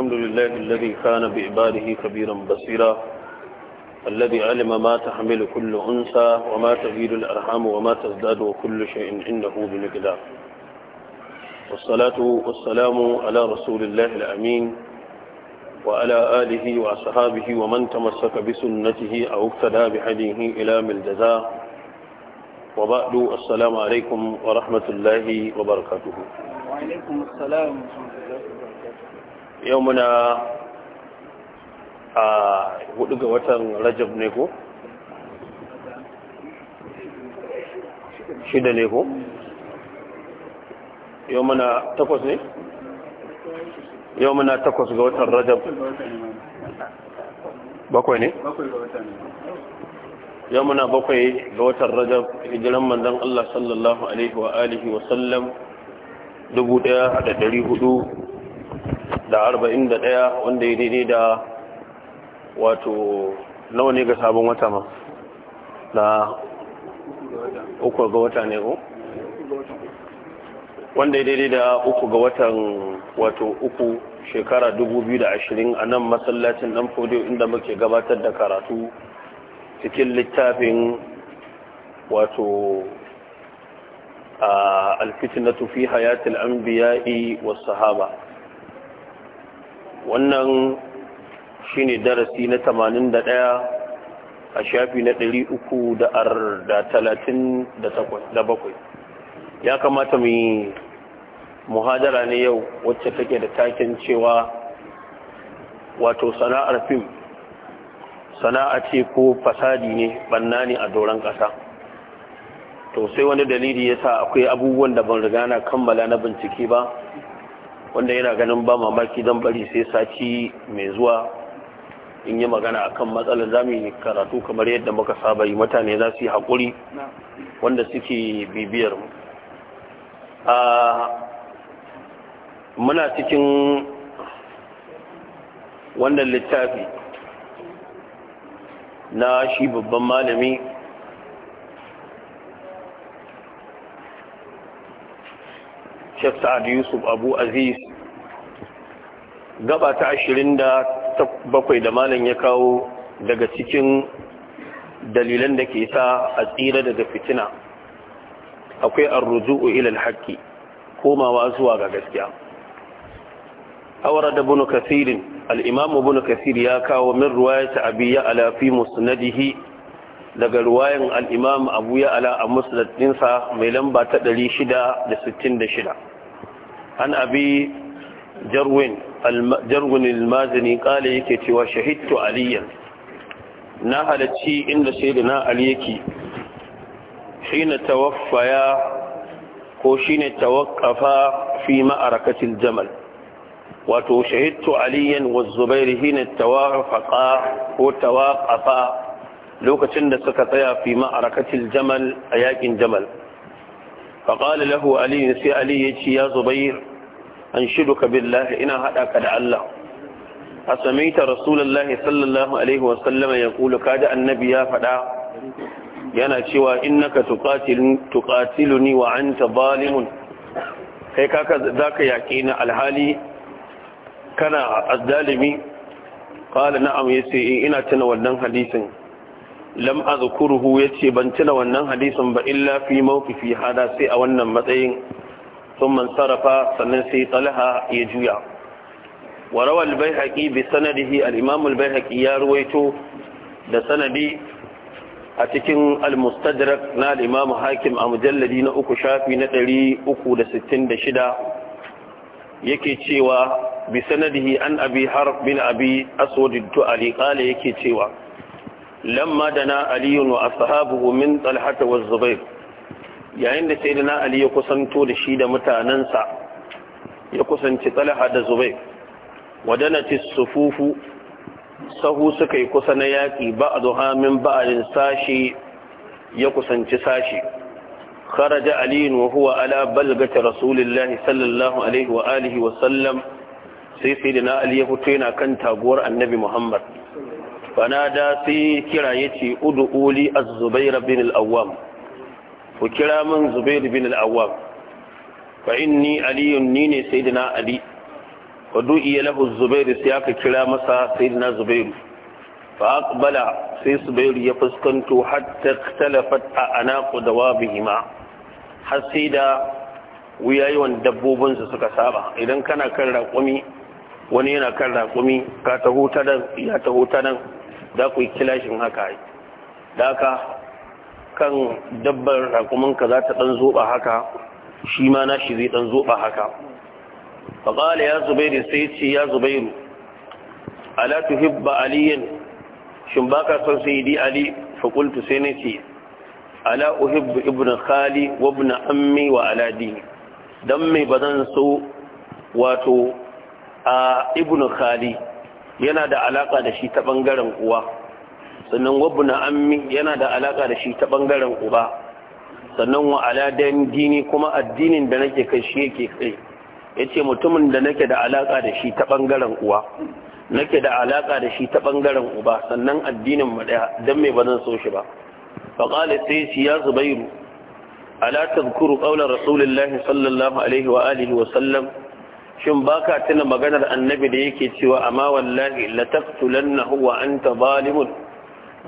الحمد لله الذي كان بإباده كبيرا بصيرا الذي علم ما تحمل كل أنثى وما تزيد الأرحام وما تزداد وكل شيء إنه بمقدار والصلاة والسلام على رسول الله الأمين وعلى آله وأصحابه ومن تمسك بسنته أو اقتدى بحديه إلى الجزاء وبعد السلام عليكم ورحمة الله وبركاته وعليكم السلام ورحمة الله yau muna a hudu ga watan rajab ne ko? shida ne ko? yau muna takwas ne? yau muna takwas ga watan rajab bakwai ne? yau muna bakwai ga watan rajab hijiran manzan Allah sallallahu Alaihi wa alihi wasallam 1400 da arba'in da ɗaya wanda ya daidai da wato nawa ne ga sabon wata ma na uku ga wata ne o wanda ya daidai da uku ga watan wato uku shekara dubu biyu da ashirin a nan masallacin dan fodiyo inda muke gabatar da karatu cikin littafin wato a alfitinatu fi hayatil anbiya'i wasu sahaba wannan shine darasi na 81 a shafi na 337 ya kamata mu yi muhadara ne yau wacce take da takin cewa wato sana'ar fim sana'a ce ko fasadi ne banna ne a doron ƙasa to sai wani dalili ya sa akwai abubuwan da ban riga na kammala na bincike ba wanda yana ganin ba mamaki don bari sai saci mai zuwa in yi magana akan matsalar zami karatu kamar yadda muka saba yi mutane za su yi haƙuri wanda suke bibiyar mu muna cikin wannan littafi na shi babban malami Sheikh Sa'ad Yusuf Abu Aziz gaba ta 27 da malam ya kawo daga cikin dalilan da ke sa a tsira daga fitina akwai ar-ruju'u ila al-haqqi komawa zuwa ga gaskiya أورد ابن كثير الإمام ya kawo min ومن رواية أبي يعلى fi مسنده daga al-imam abu ya ala a musnad sa mai lamba ta 666 an abi jarwin jarwin almazini kale yake cewa shahidtu aliyan na halacci inda na ali shi ne tawaffaya ko shi ne tawakkafa fi ma'arakatil jamal wato shahidtu aliyan wa Zubairu shi ne tawafaqa ko tawaqafa lokacin da suka tsaya fi ma'arakatil jamal a yakin jamal Aliyu sai Aliyu ya علي ya زبير an shidu ka billahi ina haɗa ka da Allah a samaita Rasulallah sallallahu alaihi wasallama ya kulu ka da annabi ya faɗa yana cewa innaka ni wa ta zalimun kai kaka ka yaƙi ni alhali kana azzalimi qala na'am ce ina tuna wannan hadisin lam ya yace ban tuna wannan hadisin ba illa fi mawqifi hada sai a wannan matsayin sun sarrafa sannan sai talha ya juya wa rawar albayhaƙi bi sanadihi al'imamul bayhaƙi ya ruwaito da sanadi a cikin al na al hakim a mujalladi na uku shafi na 366 yake cewa bi sanadihi an abi har bin abi aswad du'ali qala yake cewa lamma dana aliyun wa ashabuhu min talhata wa zubair yayin da sai na ali ya kusanto da shi da mutanensa ya kusanci talha da zubai wadanati sufufu sahu suka yi kusa na yaƙi ba a zuha min ba'alin sashi ya kusanci sashi kharaja ali wa huwa ala balgati rasulillahi sallallahu alaihi wa alihi wa sallam sai na ali ya fito yana kan taguwar annabi muhammad fanada sai kira yace ud'u uli az-zubair bin al-awwam ku kira min Zubairu bin al-awwam fa inni aliyun ni ne sayyidina ali wa iya lahu Zubairu sai aka kira masa sayyidina Zubairu. fa aqbala sai Zubairu ya fuskanto hatta ikhtalafat anaqu dawabihima har sai da wuyayewan dabbobinsu suka saba idan kana kan raƙumi wani yana kan raƙumi ka taho ta nan ya taho ta nan za ku yi kilashin haka da ka. akan dabbar rakuminka za ta ɗan zoɓa haka shi ma na shi zai ɗan zoɓa haka faƙala ya zubairu sai ce ya zubairu ala tuhibba aliyin shin ba ka son sai di ali faƙultu sai na ce ala uhibbu ibn khali wa ibn ammi wa aladi dan mai bazan so wato a ibn khali yana da alaka da shi ta bangaren uwa sannan wabu na ammi yana da alaka da shi ta bangaren uba sannan wa aladen dini kuma addinin da nake kai shi yake kai yace mutumin da nake da alaka da shi ta bangaren uwa nake da alaka da shi ta bangaren uba sannan addinin mu daya don me ba zan so shi ba faƙali sai shi ya zubairu ala tazkuru qaular rasulullahi sallallahu alaihi wa alihi wa sallam shin baka tuna maganar annabi da yake cewa amma wallahi la taqtulannahu wa anta zalimun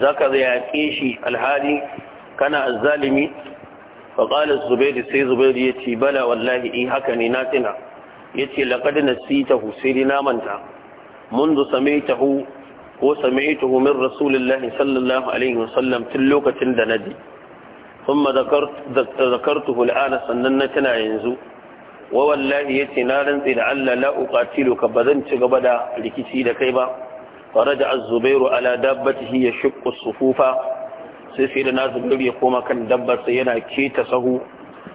za ka yaƙe shi alhali kana azzalimi fa qala zubairu sai zubairu ya ce bala wallahi in haka ne na tsina ya ce laqad nasitahu sai na manta منذ سمعته وسمعته من رسول الله صلى الله عليه وسلم تلوكة دندي ثم ذكرت ذكرته الآن سننتنا ينزو ووالله يتنارن لعل لا أقاتلك بذنت قبدا لكتي لكيبا faraja az-zubairu ala dabbatihi ya shuku sufufa sai sai da nazubir ya koma kan dabbar sai yana keta sahu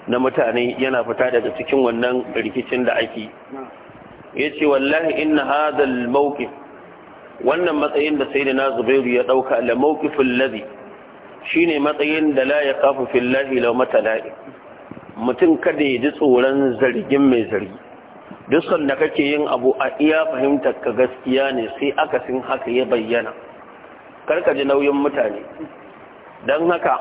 na mutane yana fita daga cikin wannan rikicin da ake yace wallahi inna hadha al wannan matsayin da sayyidina zubairu ya dauka la mawqiful shi ne matsayin da la yaqafu fillahi matala'i mutum kada ya ji tsoron zargin mai zargi duk sanda kake yin abu a iya fahimtar ka gaskiya ne sai akasin haka ya bayyana karka ji nauyin mutane don haka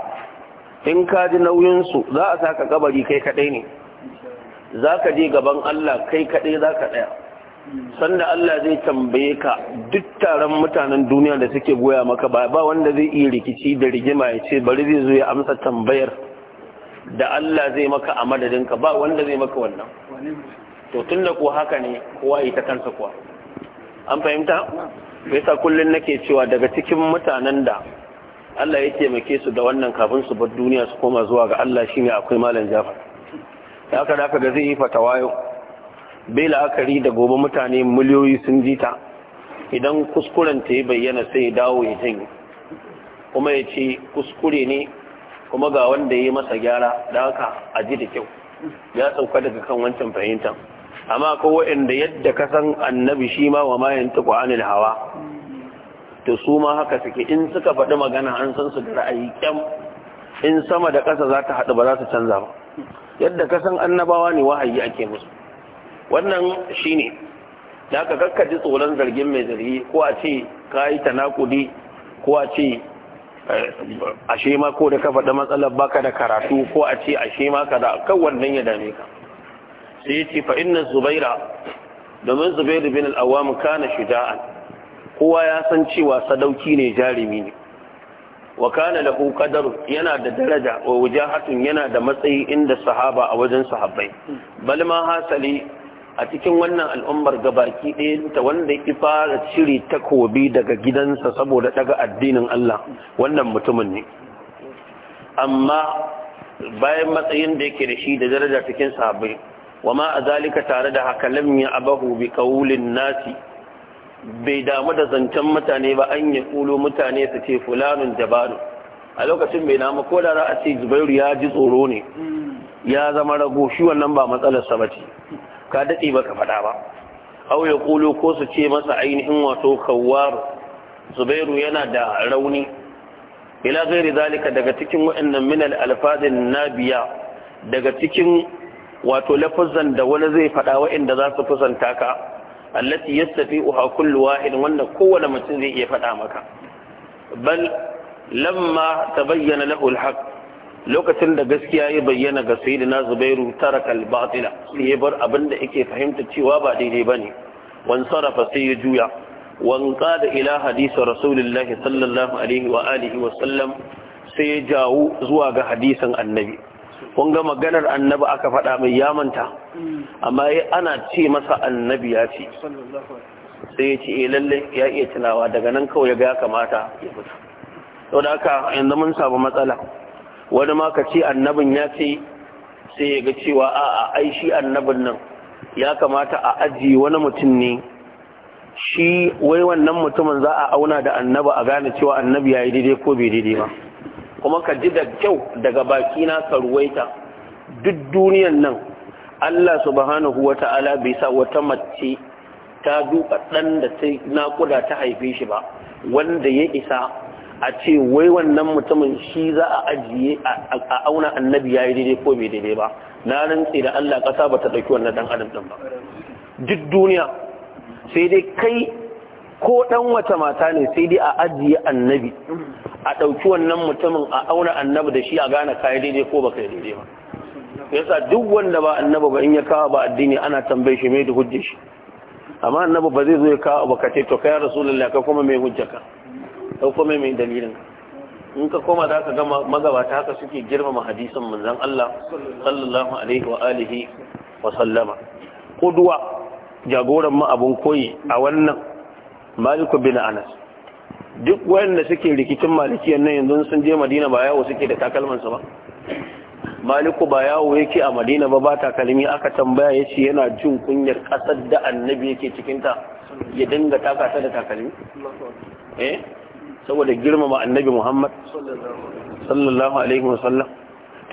in ka ji nauyinsu za a sa ka kabari kai kaɗai ne za ka je gaban Allah kai kaɗai za ka ɗaya sanda Allah zai tambaye ka duk taron mutanen duniya da suke goya maka ba ba wanda zai iya rikici da rigima ya ce bari zai zo ya amsa tambayar da Allah zai maka a madadinka ba wanda zai maka wannan to tun da kuwa haka ne kowa ita kansa kuwa an fahimta bai sa kullum nake cewa daga cikin mutanen da Allah ya taimake su da wannan kafin su bar duniya su koma zuwa ga Allah shine akwai malam Jafar da aka da ga zai yi fatawa yau bai la'akari da gobe mutane miliyoyi sun jita idan kuskuren ta yi bayyana sai ya dawo ya janye kuma ya ce kuskure ne kuma ga wanda ya yi masa gyara da haka a ji da kyau ya sauka daga kan wancan fahimtar amma ko waɗanda yadda ka san annabi shi ma wa ma yantiqu anil hawa to su ma haka suke in suka faɗi magana an san su da ra'ayi kyam in sama da ƙasa za ta haɗu ba za su canza ba yadda ka san annabawa ne wahayi ake musu wannan shine da aka kakkaji tsoron zargin mai zargi ko a ce ka yi nakudi ko a ce eh, ashe ma ko da ka faɗi matsalar baka da karatu ko a ce ashe ma ka da kawai wannan ya dame ka sai yace fa inna zubaira domin zubairu bin al-awwam kana shuja'an kowa ya san cewa sadauki ne jarumi ne wa kana lahu qadaru yana da daraja wa wujahatun yana da matsayi inda sahaba a wajen sahabbai bal ma hasali a cikin wannan al'ummar gabaki ɗaya ta wanda ya fara cire takobi daga gidansa saboda daga addinin Allah wannan mutumin ne amma bayan matsayin da yake da shi da daraja cikin sahabbai wa a zalika tare da haka lam ya abahu bi kawulin nasi bai damu da zancen mutane ba an ya kulo mutane su ce fulanun jabaru a lokacin bai namu ko da za a ce zubairu ya ji tsoro ne ya zama rago shi wannan ba matsalar sa bace ka dade baka faɗa ba aw ya kulo ko su ce masa ainihin wato kawwar zubairu yana da rauni ila gairi zalika daga cikin wa'annan min al na nabiya daga cikin wato lafazan da wani zai faɗa wa'inda za su kusanta ka allati yastafi uha kullu wahid wanda kowane mutum zai iya faɗa maka bal lamma tabayyana lahu alhaq lokacin da gaskiya ya bayyana ga sayyidina zubairu taraka albatila ya bar abin da yake fahimta cewa ba daidai bane wan sarafa sai ya juya wan qada ila hadisi rasulullahi sallallahu alaihi wa alihi wa sallam sai ya jawo zuwa ga hadisin annabi kun ga maganar annabi aka faɗa mai ya manta amma ana ce masa annabi ya ce sai ya ce eh lalle ya iya tunawa daga nan kawai ya ga ya kamata ya fita sau da haka yanzu mun samu matsala wani ma ka ce annabin ya ce sai ya ga cewa a'a ai shi annabin nan ya kamata a aji wani mutum ne shi wai wannan mutumin za a auna da annabi a gane cewa annabi ya yi daidai ko bai daidai ba kuma ka ji da kyau daga bakina ka ruwaita duk duniyan nan Allah subhanahu wa ta'ala bai sa wata mace ta duka ɗan da ta naƙuda ta haife shi ba wanda ya isa a ce wai wannan mutumin shi za a ajiye a auna annabi ya yi daidai ko bai daidai ba na rantse da Allah ƙasa ba ta ɗauki wannan ɗan adam ɗin ba duk duniya sai dai kai ko ɗan wata mata ne sai dai a ajiye annabi a ɗauki wannan mutumin a auna annabi da shi a gane kayan daidai ko ba yi daidai ba yasa duk wanda ba annabi ba in ya kawo ba addini ana tambaye shi mai da hujjar shi amma annabi ba zai zo ya kawo ba ka ce to kai rasulullahi ka kuma mai hujja ka kuma mai dalilin in ka koma za ka gama magabata haka suke girmama hadisin manzon Allah sallallahu alaihi wa wa sallama kuduwa jagoran ma abun koyi a wannan maliku bin anas duk wanda suke rikicin malikiyan nan yanzu sun je madina ba yawo suke da takalmansa ba maliku ba yawo yake a madina ba ba takalmi aka tambaya ya ce yana jin kunyar kasar da annabi yake cikinta ya dinga takasa da takalmi eh saboda girmama annabi muhammad sallallahu alaihi wasallam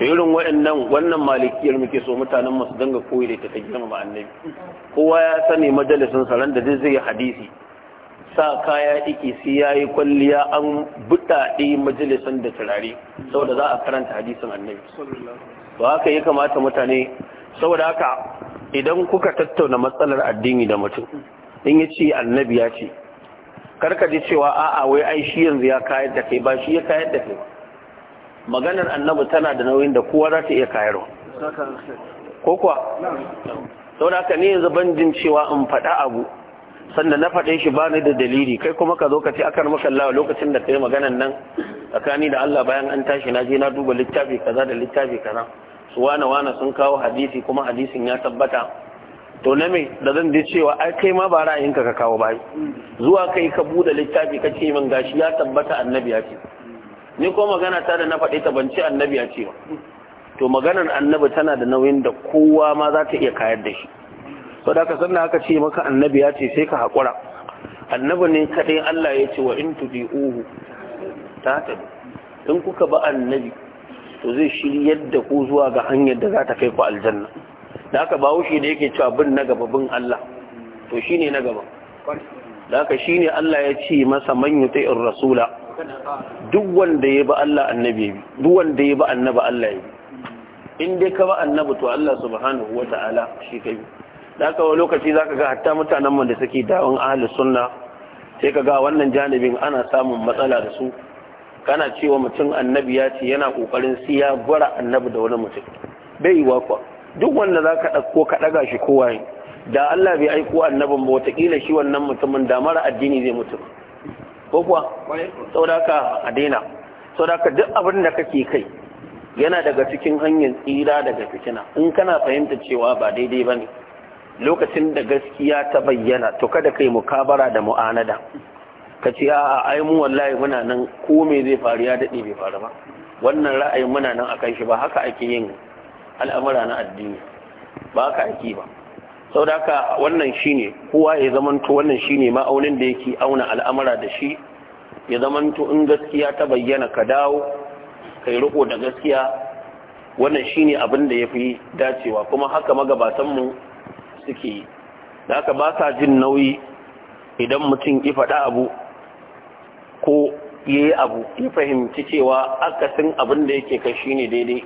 ta irin waɗannan wannan malikiyar muke so mutanen masu danga koyi da ta girmama annabi kowa ya sani majalisin saran da zai hadisi sa kaya iki sai ya yi kwalliya an buɗaɗe majalisar da turare saboda za a karanta hadisin annabi ba haka ya kamata mutane saboda haka idan kuka tattauna matsalar addini da mutum in ya ce annabi ya ce karka ji cewa a'a wai ai shi yanzu ya kayar da kai ba shi ya kayar da kai maganar annabi tana da nauyin da kowa za ta iya kayarwa ko kuwa saboda haka ne yanzu ban jin cewa in faɗa abu sanda na faɗe shi bani da dalili kai kuma ka zo ka ce akan makallawa lokacin da kai maganan nan tsakani da Allah bayan an tashi na je na duba littafi kaza da littafi kaza su wane wane sun kawo hadisi kuma hadisin ya tabbata to na me da zan je cewa ai kai ma ba ra'ayinka ka kawo bai zuwa kai ka bude littafi ka ce min gashi ya tabbata annabi ya ce ni ko magana ta da na faɗe ta ban ce annabi ya ce ba to maganar annabi tana da nauyin da kowa ma za ta iya kayar da shi sau ka sannan aka ce maka annabi ya ce sai ka haƙura annabi ne kaɗai Allah ya ce wa in tuɗi uhu ta tabi in kuka ba annabi to zai shiryar da ku zuwa ga hanyar da za ta kai ku aljanna da aka bawo shi da yake cewa bin na gaba bin Allah to shine na gaba da aka shine Allah ya ce masa man yuti'ir rasula duk wanda ya ba Allah annabi bi duk wanda ya ba annabi Allah ya bi in dai ka ba annabi to Allah subhanahu wata'ala shi kai da aka wani lokaci za ka ga hatta mutanen da suke dawon ahalus sunna sai ka ga wannan janibin ana samun matsala da su kana cewa mutum annabi ya ce yana kokarin siya gwara annabi da wani mutum bai yiwa kuwa duk wanda za ka ɗauko ka ɗaga shi kowa da Allah bai aiko annabin ba watakila shi wannan mutumin da mara addini zai mutum. ko kuwa a daina saudaka duk abin da kake kai yana daga cikin hanyar tsira daga fitina in kana fahimta cewa ba daidai ba ne lokacin da gaskiya ta bayyana to kada kai mukabara da mu'anada ka ce a'a ai mu wallahi muna nan ko me zai faru ya dade bai faru ba wannan ra'ayin muna nan akan shi ba haka ake yin al'amura na addini ba haka ake ba sau wannan shine kowa ya zamanto wannan shine ma'aunin da yake auna al'amura da shi ya zamanto in gaskiya ta bayyana ka dawo kai riko da gaskiya wannan shine abin da yafi dacewa kuma haka magabatanmu suke yi da aka ba sa jin nauyi idan mutum ya faɗa abu ko ya yi abu ya fahimci cewa akasin abin da yake kai shi ne daidai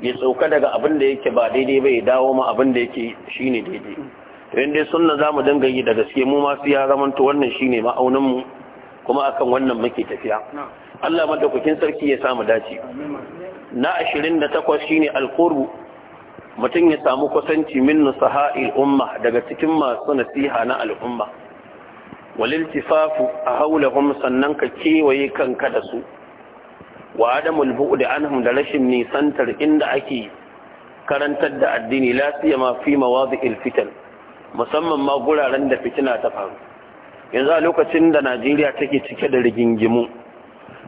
ya sauka daga abin da yake ba daidai bai dawo ma abin da yake shi ne daidai idan dai sunna za mu dinga yi da gaske mu masu ya zamanto wannan shi ne ma'auninmu kuma akan wannan muke tafiya Allah madaukakin sarki ya sa mu dace na 28 shine alqurbu mutum ya samu kusanci min nusaha'il umma daga cikin masu nasiha na al'umma waliltifafu a haulahum sannan ka kewaye kanka da su wa adamul bu'd anhum da rashin nisantar inda ake karantar da addini la siyama fi mawadi'il fitan musamman ma guraren da fitina ta faru yanzu a lokacin da Najeriya take cike da rigingimu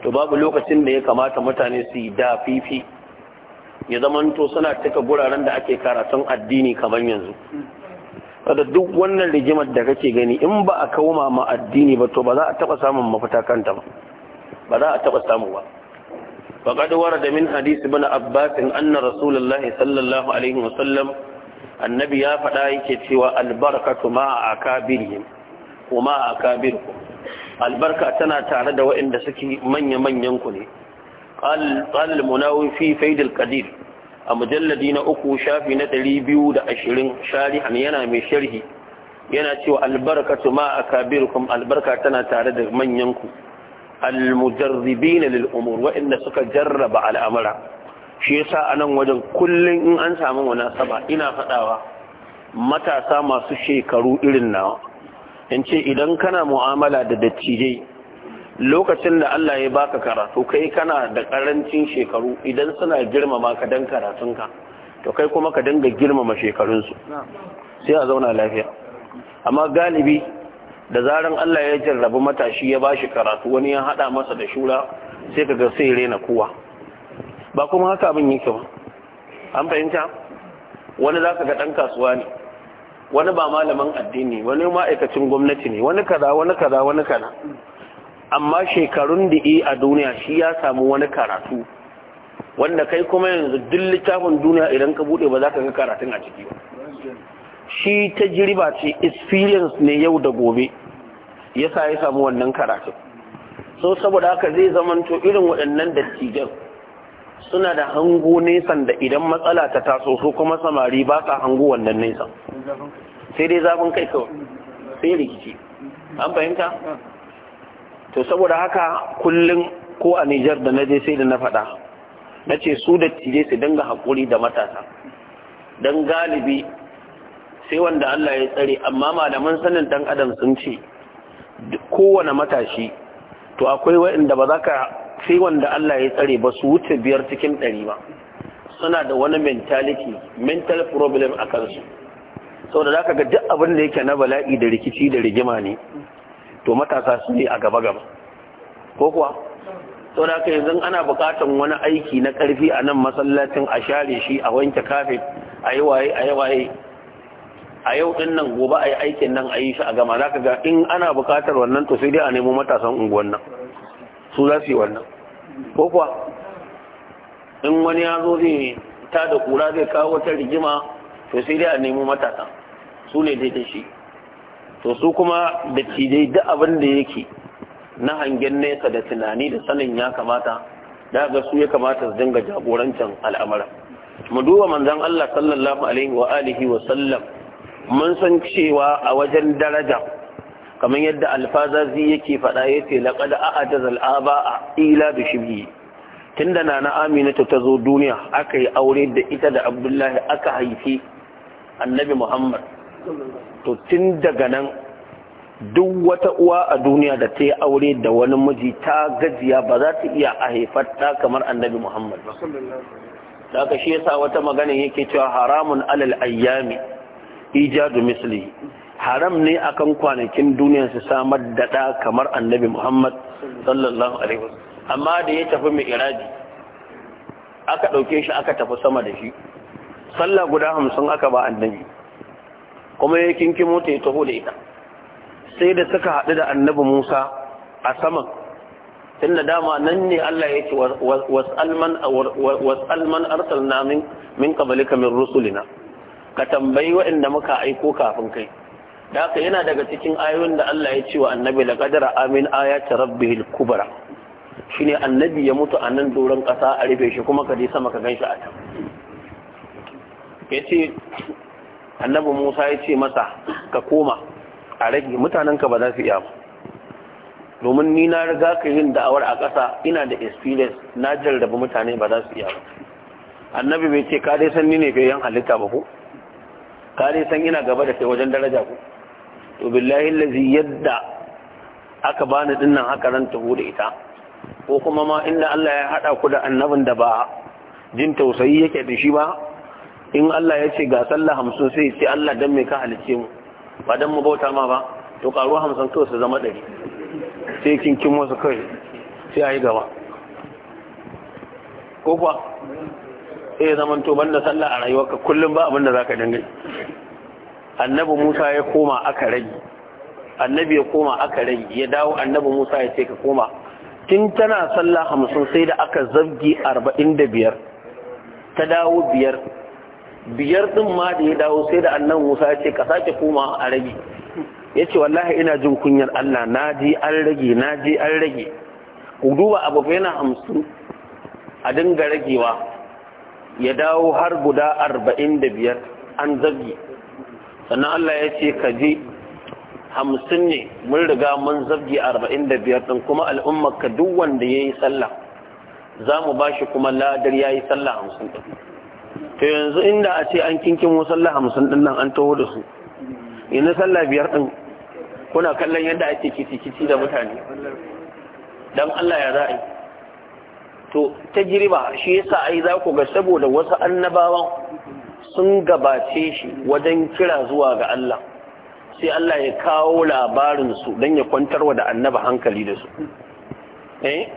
to babu lokacin da ya kamata mutane su yi da fifi ya zamanto suna cika guraren da ake karatun addini kamar yanzu kada duk wannan rigimar da kake gani in ba a kawoma ma addini ba to ba za a taba samun mafita kanta ba ba za a taba samu ba faqad warada min hadisi ibn abbas anna rasulullahi sallallahu alaihi wasallam annabi ya faɗa yake cewa albarakatu ma akabirihim kuma akabirkum albarka tana tare da waɗanda suke manya manyan ku ne قال المناوي في فيد a mujalladi na uku shafi na ɗari biyu da ashirin shari'an yana mai sharhi yana cewa albarkatu ma a kabirukum albarka tana tare da manyanku almujarribina na umur waɗanda suka jarraba al'amura shi yasa a nan wajen kullum in an samu wani saba ina faɗawa matasa masu shekaru irin nawa in ce idan kana mu'amala da dattijai lokacin da Allah ya baka karatu kai kana da karancin shekaru idan suna girmama ka dan karatunka to kai kuma ka dinga girmama shekarunsu sai a zauna lafiya amma galibi da zaran Allah ya jarrabu matashi ya bashi karatu wani ya hada masa da shura sai kaga sai rena kowa ba kuma haka abin yake ba an fahimta wani zaka ga dan kasuwa ne wani ba malaman addini wani ma'aikacin gwamnati ne wani kaza wani kaza wani kaza amma shekarun da yi a duniya shi ya samu wani karatu wanda kai kuma yanzu duk littafin duniya idan ka bude ba za ka ga karatun a ciki ba shi ta jiriba ce experience ne yau da gobe ya sa ya samu wannan karatu. so saboda haka zai zamanto irin waɗannan dattijan suna da hango nesan da idan matsala ta taso so kuma samari ba ka hango wannan nesan sai dai zafin kai kawai sai rikici an fahimta to saboda haka kullum ko a Nijar da na je sai da na faɗa na ce su da tije su dinga hakuri da matasa don galibi sai wanda Allah ya tsare amma malaman sanin ɗan adam sun ce kowane matashi to akwai waɗanda ba za ka sai wanda Allah ya tsare ba su wuce biyar cikin ɗari ba suna da wani mentality mental problem a kansu saboda za ka ga duk abin da yake na bala'i da rikici da rigima ne to matasa su ne a gaba gaba ko kuwa sau da kai yanzu ana bukatan wani aiki na karfi a nan masallacin a share shi a wanke kafe a yi waye a yi waye a yau din nan gobe a yi aikin nan a yi shi a gama za ka ga in ana bukatar wannan to sai dai a nemo matasan unguwan nan su za su yi wannan ko kuwa in wani ya zo zai ta da kura zai kawo wata rigima to sai dai a nemo matasa su ne daidai shi to su kuma da cidai duk abin da yake na hangen nesa da tunani da sanin ya kamata da ga su ya kamata su dinga jagorancin al'amara mu duba manzon Allah sallallahu alaihi wa alihi wa sallam mun san cewa a wajen daraja kamar yadda alfazazi yake faɗa yace laqad a'adaza a ila bi shibhi tunda na Aminatu ta zo duniya aka yi aure da ita da Abdullahi aka haifi annabi Muhammad to tun daga nan duk wata uwa a duniya da ta yi aure da wani miji ta gajiya ba za ta iya a haifar kamar annabi muhammad ba ka shi yasa wata magana yake cewa haramun alal ayyami ijadu misli haram ne akan kwanakin duniya su samar da ɗa kamar annabi muhammad sallallahu alaihi amma da ya tafi mai iraji aka ɗauke shi aka tafi sama da shi sallah guda hamsin aka ba annabi kuma ya kinki ta ya taho da ita sai da suka haɗu da annabi musa a saman tun da dama nan ne allah ya ce wasalman arsalna min kabalika min rusulina ka tambayi waɗanda muka aiko kafin kai da haka yana daga cikin ayoyin da allah ya ce wa annabi da kadara amin rabbi kubara kubra ne annabi ya mutu a nan doron ƙasa a rufe shi kuma ka je sama ka gan shi a can ce annabi musa ya ce masa ka koma a rage mutanenka ba za su iya domin ni na riga ka yin da'awar a ƙasa ina da experience na jarraba mutane ba za su iya annabi bai ce ka dai san ni ne yan halitta ba ko ka dai san ina gaba da kai wajen daraja ko to billahi allazi yadda aka bani dinnan haka ran taho da ita ko kuma ma inda Allah ya hada ku da annabin da ba jin tausayi yake da shi ba in Allah ya ce ga sallah hamsin sai ce Allah dan mai ka halice mu ba dan mu bauta ma ba to karuwa hamsin kawai su zama ɗari sai kinkin wasu kai sai a yi gaba ko kuwa sai ya zama to banda sallah a rayuwarka kullum ba abin da za ka dinga. annabi musa ya koma aka rage annabi ya koma aka rage ya dawo annabi musa ya ce ka koma tun tana sallah hamsin sai da aka zabgi arba'in da biyar ta dawo biyar biyar din ma da ya dawo sai da annan musa ya ce ka sake koma a rage ya ce wallahi ina jin kunyar allah na ji an rage na ji an rage ku duba abu yana hamsin a dinga ragewa ya dawo har guda arba'in da biyar an zagi sannan allah ya ce ka je hamsin ne mun riga mun zabge arba'in da biyar ɗin kuma al'ummar ka duk wanda ya yi sallah za mu ba shi kuma ladar ya yi sallah hamsin ɗin to yanzu inda a ce an kinkin musalla hamsin din nan an taho da su yanzu sallah biyar din kuna kallon yadda ake kici-kici da mutane dan Allah ya za'a to tajriba shi yasa ai za ku ga saboda wasu annabawan sun gabace shi wajen kira zuwa ga Allah sai Allah ya kawo labarin su dan ya kwantarwa da annaba hankali da su eh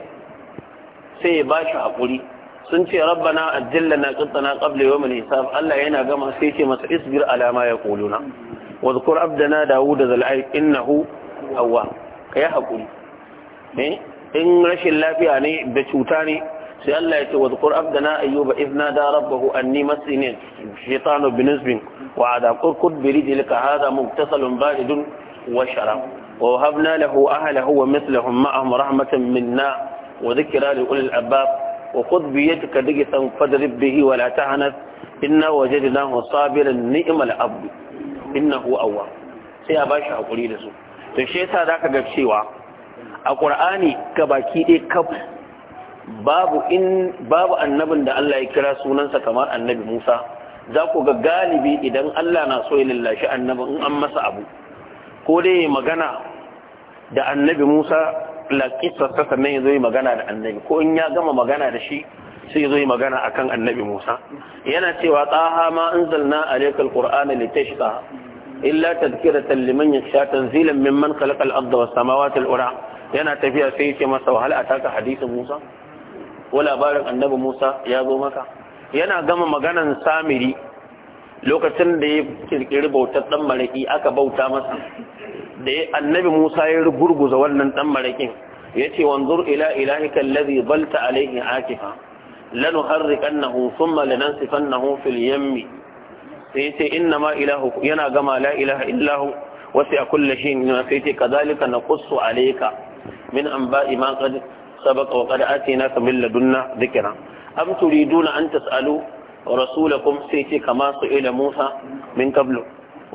sai ya ba shi haƙuri sun ce rabbana na qattana qabla yawmin hisab Allah yana gama sai ce masa isbir ala ma yaquluna wa dhkur abdana daud zal ayy innahu awwa kai hakuri ne in rashin lafiya ne da cuta ne sai Allah ya ce wa dhkur abdana ayyuba idna da rabbahu anni masini shaytanu binizbin wa ada qurqud bi rijlika hadha muktasalun ba'idun wa sharab wa wahabna lahu ahlahu wa mithlahum ma'ahum rahmatan minna wa dhikra li ulil albab وخذ بيدك دقة فاضرب به ولا تعنف إنا وجدناه صابرا نعم العبد إنه أواب sai a ba shi haƙuri da su to shi yasa za ka ga cewa a ƙur'ani ka baki ɗaya kaf babu in babu annabin da Allah ya kira sunansa kamar annabi Musa za ku ga galibi idan Allah na so ya lallashi annabi in an masa abu ko dai magana da annabi Musa kammala kissarsa sannan ya zo yi magana da annabi ko in ya gama magana da shi sai ya zo yi magana akan annabi Musa yana cewa tsaha ma anzalna alayka alqur'ana litashqa illa tadhkiratan liman sha tanzilan mimman khalaqa al-ardha was ura yana tafiya sai yace masa a taka hadisin Musa ko labarin annabi Musa ya zo maka yana gama maganan samiri lokacin da ya kirkiri bautar dan maraki aka bauta masa da annabi Musa ya gurguza wannan dan marakin yace wanzur ila ilahika alladhi balta alayhi akifa lanuharriqannahu thumma lanansifannahu fil yammi sai yace inna ma ilahu yana gama la ilaha illahu wasi'a kulli shay'in sai kazalika na naqussu alayka min anba'i ma qad sabaqa wa qad atinaka min ladunna dhikra am turiduna an tas'alu rasulakum sai yace kama su ila Musa min qablu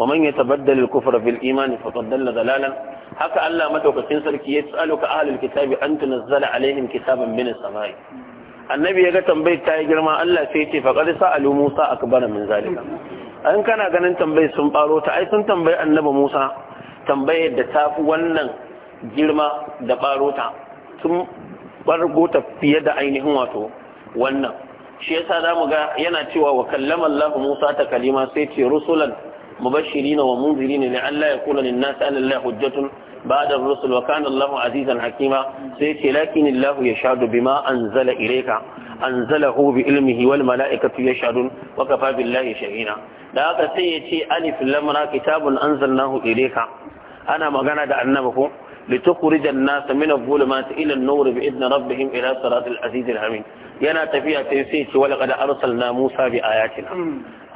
wa man yatabaddal al-kufra bil iman faqad dalla dalalan haka Allah madaukakin sarki ya tsaluka ahlul kitabi an tunazzala alaihim kitaban min as-samai annabi ya ga tambayar ta yi girma Allah sai ya ce faqad sa'alu Musa akbara min zalika an kana ganin tambayar sun faro ta ai sun tambayi annabi Musa tambayar da ta fi wannan girma da faro ta sun bargo ta fiye da ainihin wato wannan shi yasa zamu ga yana cewa wa kallama Allah Musa ta kalima sai ce rusulan Mu mubashirina wa munzirina ne Allah ya kula lin nas an Allah hujjatun ba'da ar-rusul wa kana azizan hakima sai ce lakin Allah yashhadu bima anzala ilayka anzalahu bi ilmihi wal mala'ikatu yashhadun wa kafa billahi shahina da haka sai ya ce alif lam ra kitabun nahu ireka. ana magana da annabi ko لتخرج الناس من الظلمات إلى النور بإذن ربهم إلى صراط العزيز الحميد ينا تفيا تنسيت ولقد أرسلنا موسى بآياتنا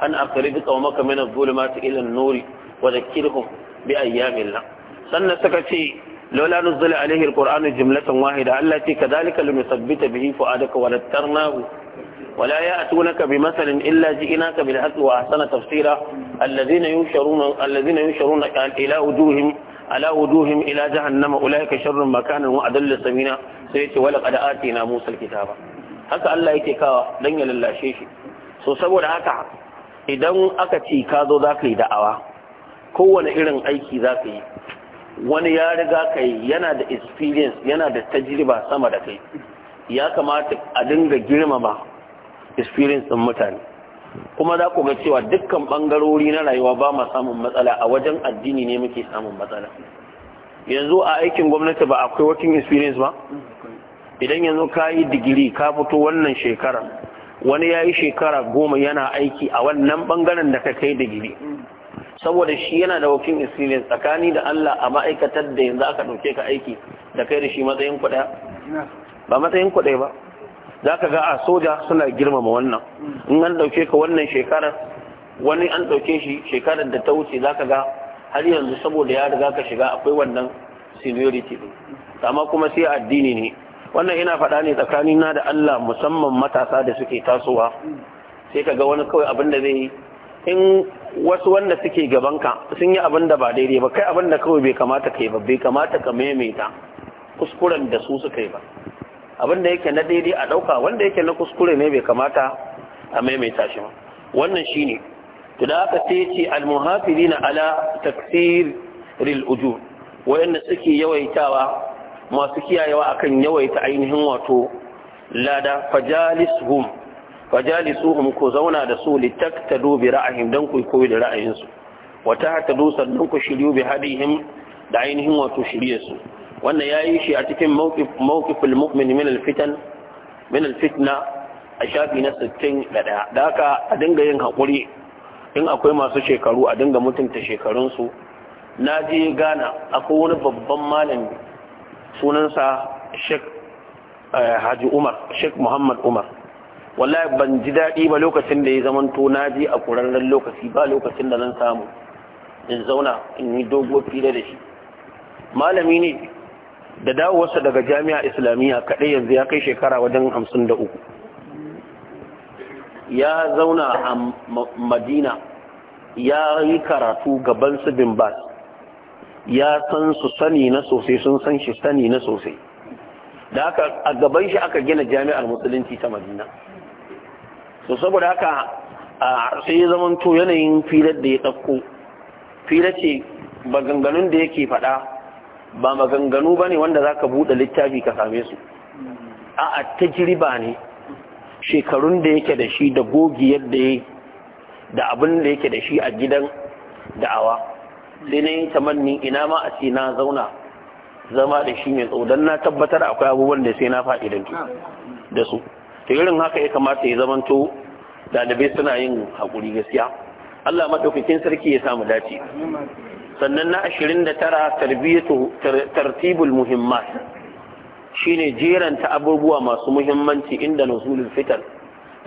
أن أخرج قومك من الظلمات إلى النور وذكرهم بأيام الله سنة سكتي لولا نزل عليه القرآن جملة واحدة التي كذلك لنثبت به فؤادك ونترناه ولا يأتونك بمثل إلا جئناك بالحق وأحسن تفسيرا الذين ينشرون الذين ينشرون إلى وجوههم ala wuduhim ila jahannama ulaika sharrun makanan wa adallu samina sai yace wala qad atina musa alkitaba haka Allah yake kawa dan ya lallashe shi so saboda haka idan aka ci ka zo za yi da'awa kowane irin aiki za yi wani ya riga ka yana da experience yana da tajriba sama da kai ya kamata a dinga girmama experience ɗin mutane kuma za ku ga cewa dukkan bangarori na rayuwa ba ma samun matsala a wajen addini ne muke samun matsala yanzu a aikin gwamnati ba akwai working experience ba idan yanzu ka yi digiri ka fito wannan shekara wani ya yi shekara goma yana aiki a wannan bangaren da ka kai digiri saboda shi yana da working experience tsakani da Allah a ma'aikatar da yanzu aka ɗauke ka aiki da kai da shi matsayin kuɗa ba matsayin kuɗa ba za ka ga a soja suna girmama wannan in an ɗauke ka wannan shekarar wani an ɗauke shi shekarar da ta wuce za ka ga har yanzu saboda ya riga ka shiga akwai wannan seniority ne amma kuma sai addini ne wannan ina faɗa ne tsakanin na da Allah musamman matasa da suke tasowa sai ka ga wani kawai abin da zai yi in wasu wanda suke gabanka sun yi abin da ba daidai ba kai abin da kawai bai kamata ka yi ba bai kamata ka maimaita kuskuren da su suka yi ba Abinda yake na daidai a ɗauka wanda yake na kuskure ne bai kamata a maimaita shi wannan shine ne to da aka sai ce almuhafiri ala taksiril uju wayanda suke yawaitawa masu kiyayewa akan yawaita ainihin wato lada fajalisuhum fajalisuhum ko zauna da su litaktadu bi ra'ahim dan ku koyi da ra'ayinsu wata hatadu sannan ku shiryu bi hadihim da ainihin wato shiryesu su wannan ya yi shi a cikin mawqif mu'min min min fitna a shafi na 61 da haka a dinga yin hakuri in akwai masu shekaru a dinga mutunta shekarun su na je Ghana akwai wani babban malami sunansa Sheikh eh, Haji Umar Sheikh Muhammad Umar wallahi ban ji daɗi ba lokacin da ya zamanto na ji a ƙurarren lokaci ba lokacin da nan samu in zauna in yi dogo fira da shi malami ne da dawowarsa daga jami'a islamiyya kaɗai yanzu ya kai shekara wajen hamsin da uku ya zauna a madina ya yi karatu gaban su bin bas ya san su sani na sosai sun san shi sani na sosai da haka a gaban shi aka gina jami'ar musulunci ta madina so saboda haka a sai ya zamanto yanayin filar da ya ɗauko filar ce ba ganganun da yake faɗa ba maganganu ba ne wanda za ka buɗe littafi ka same su a jiriba ne shekarun da yake da shi da gogiyar da ya da abin da yake da shi a gidan da'awa sai na yi tamanni ina ma a ce na zauna zama da shi mai tsaudan na tabbatar akwai abubuwan da sai na faɗi da su ta irin haka ya kamata ya zamanto dalibai suna yin haƙuri gaskiya Allah maɗaukakin sarki ya samu dace sannan na ashirin da tara tartibul muhimmat shine jeranta abubuwa masu muhimmanci inda nusulul fitan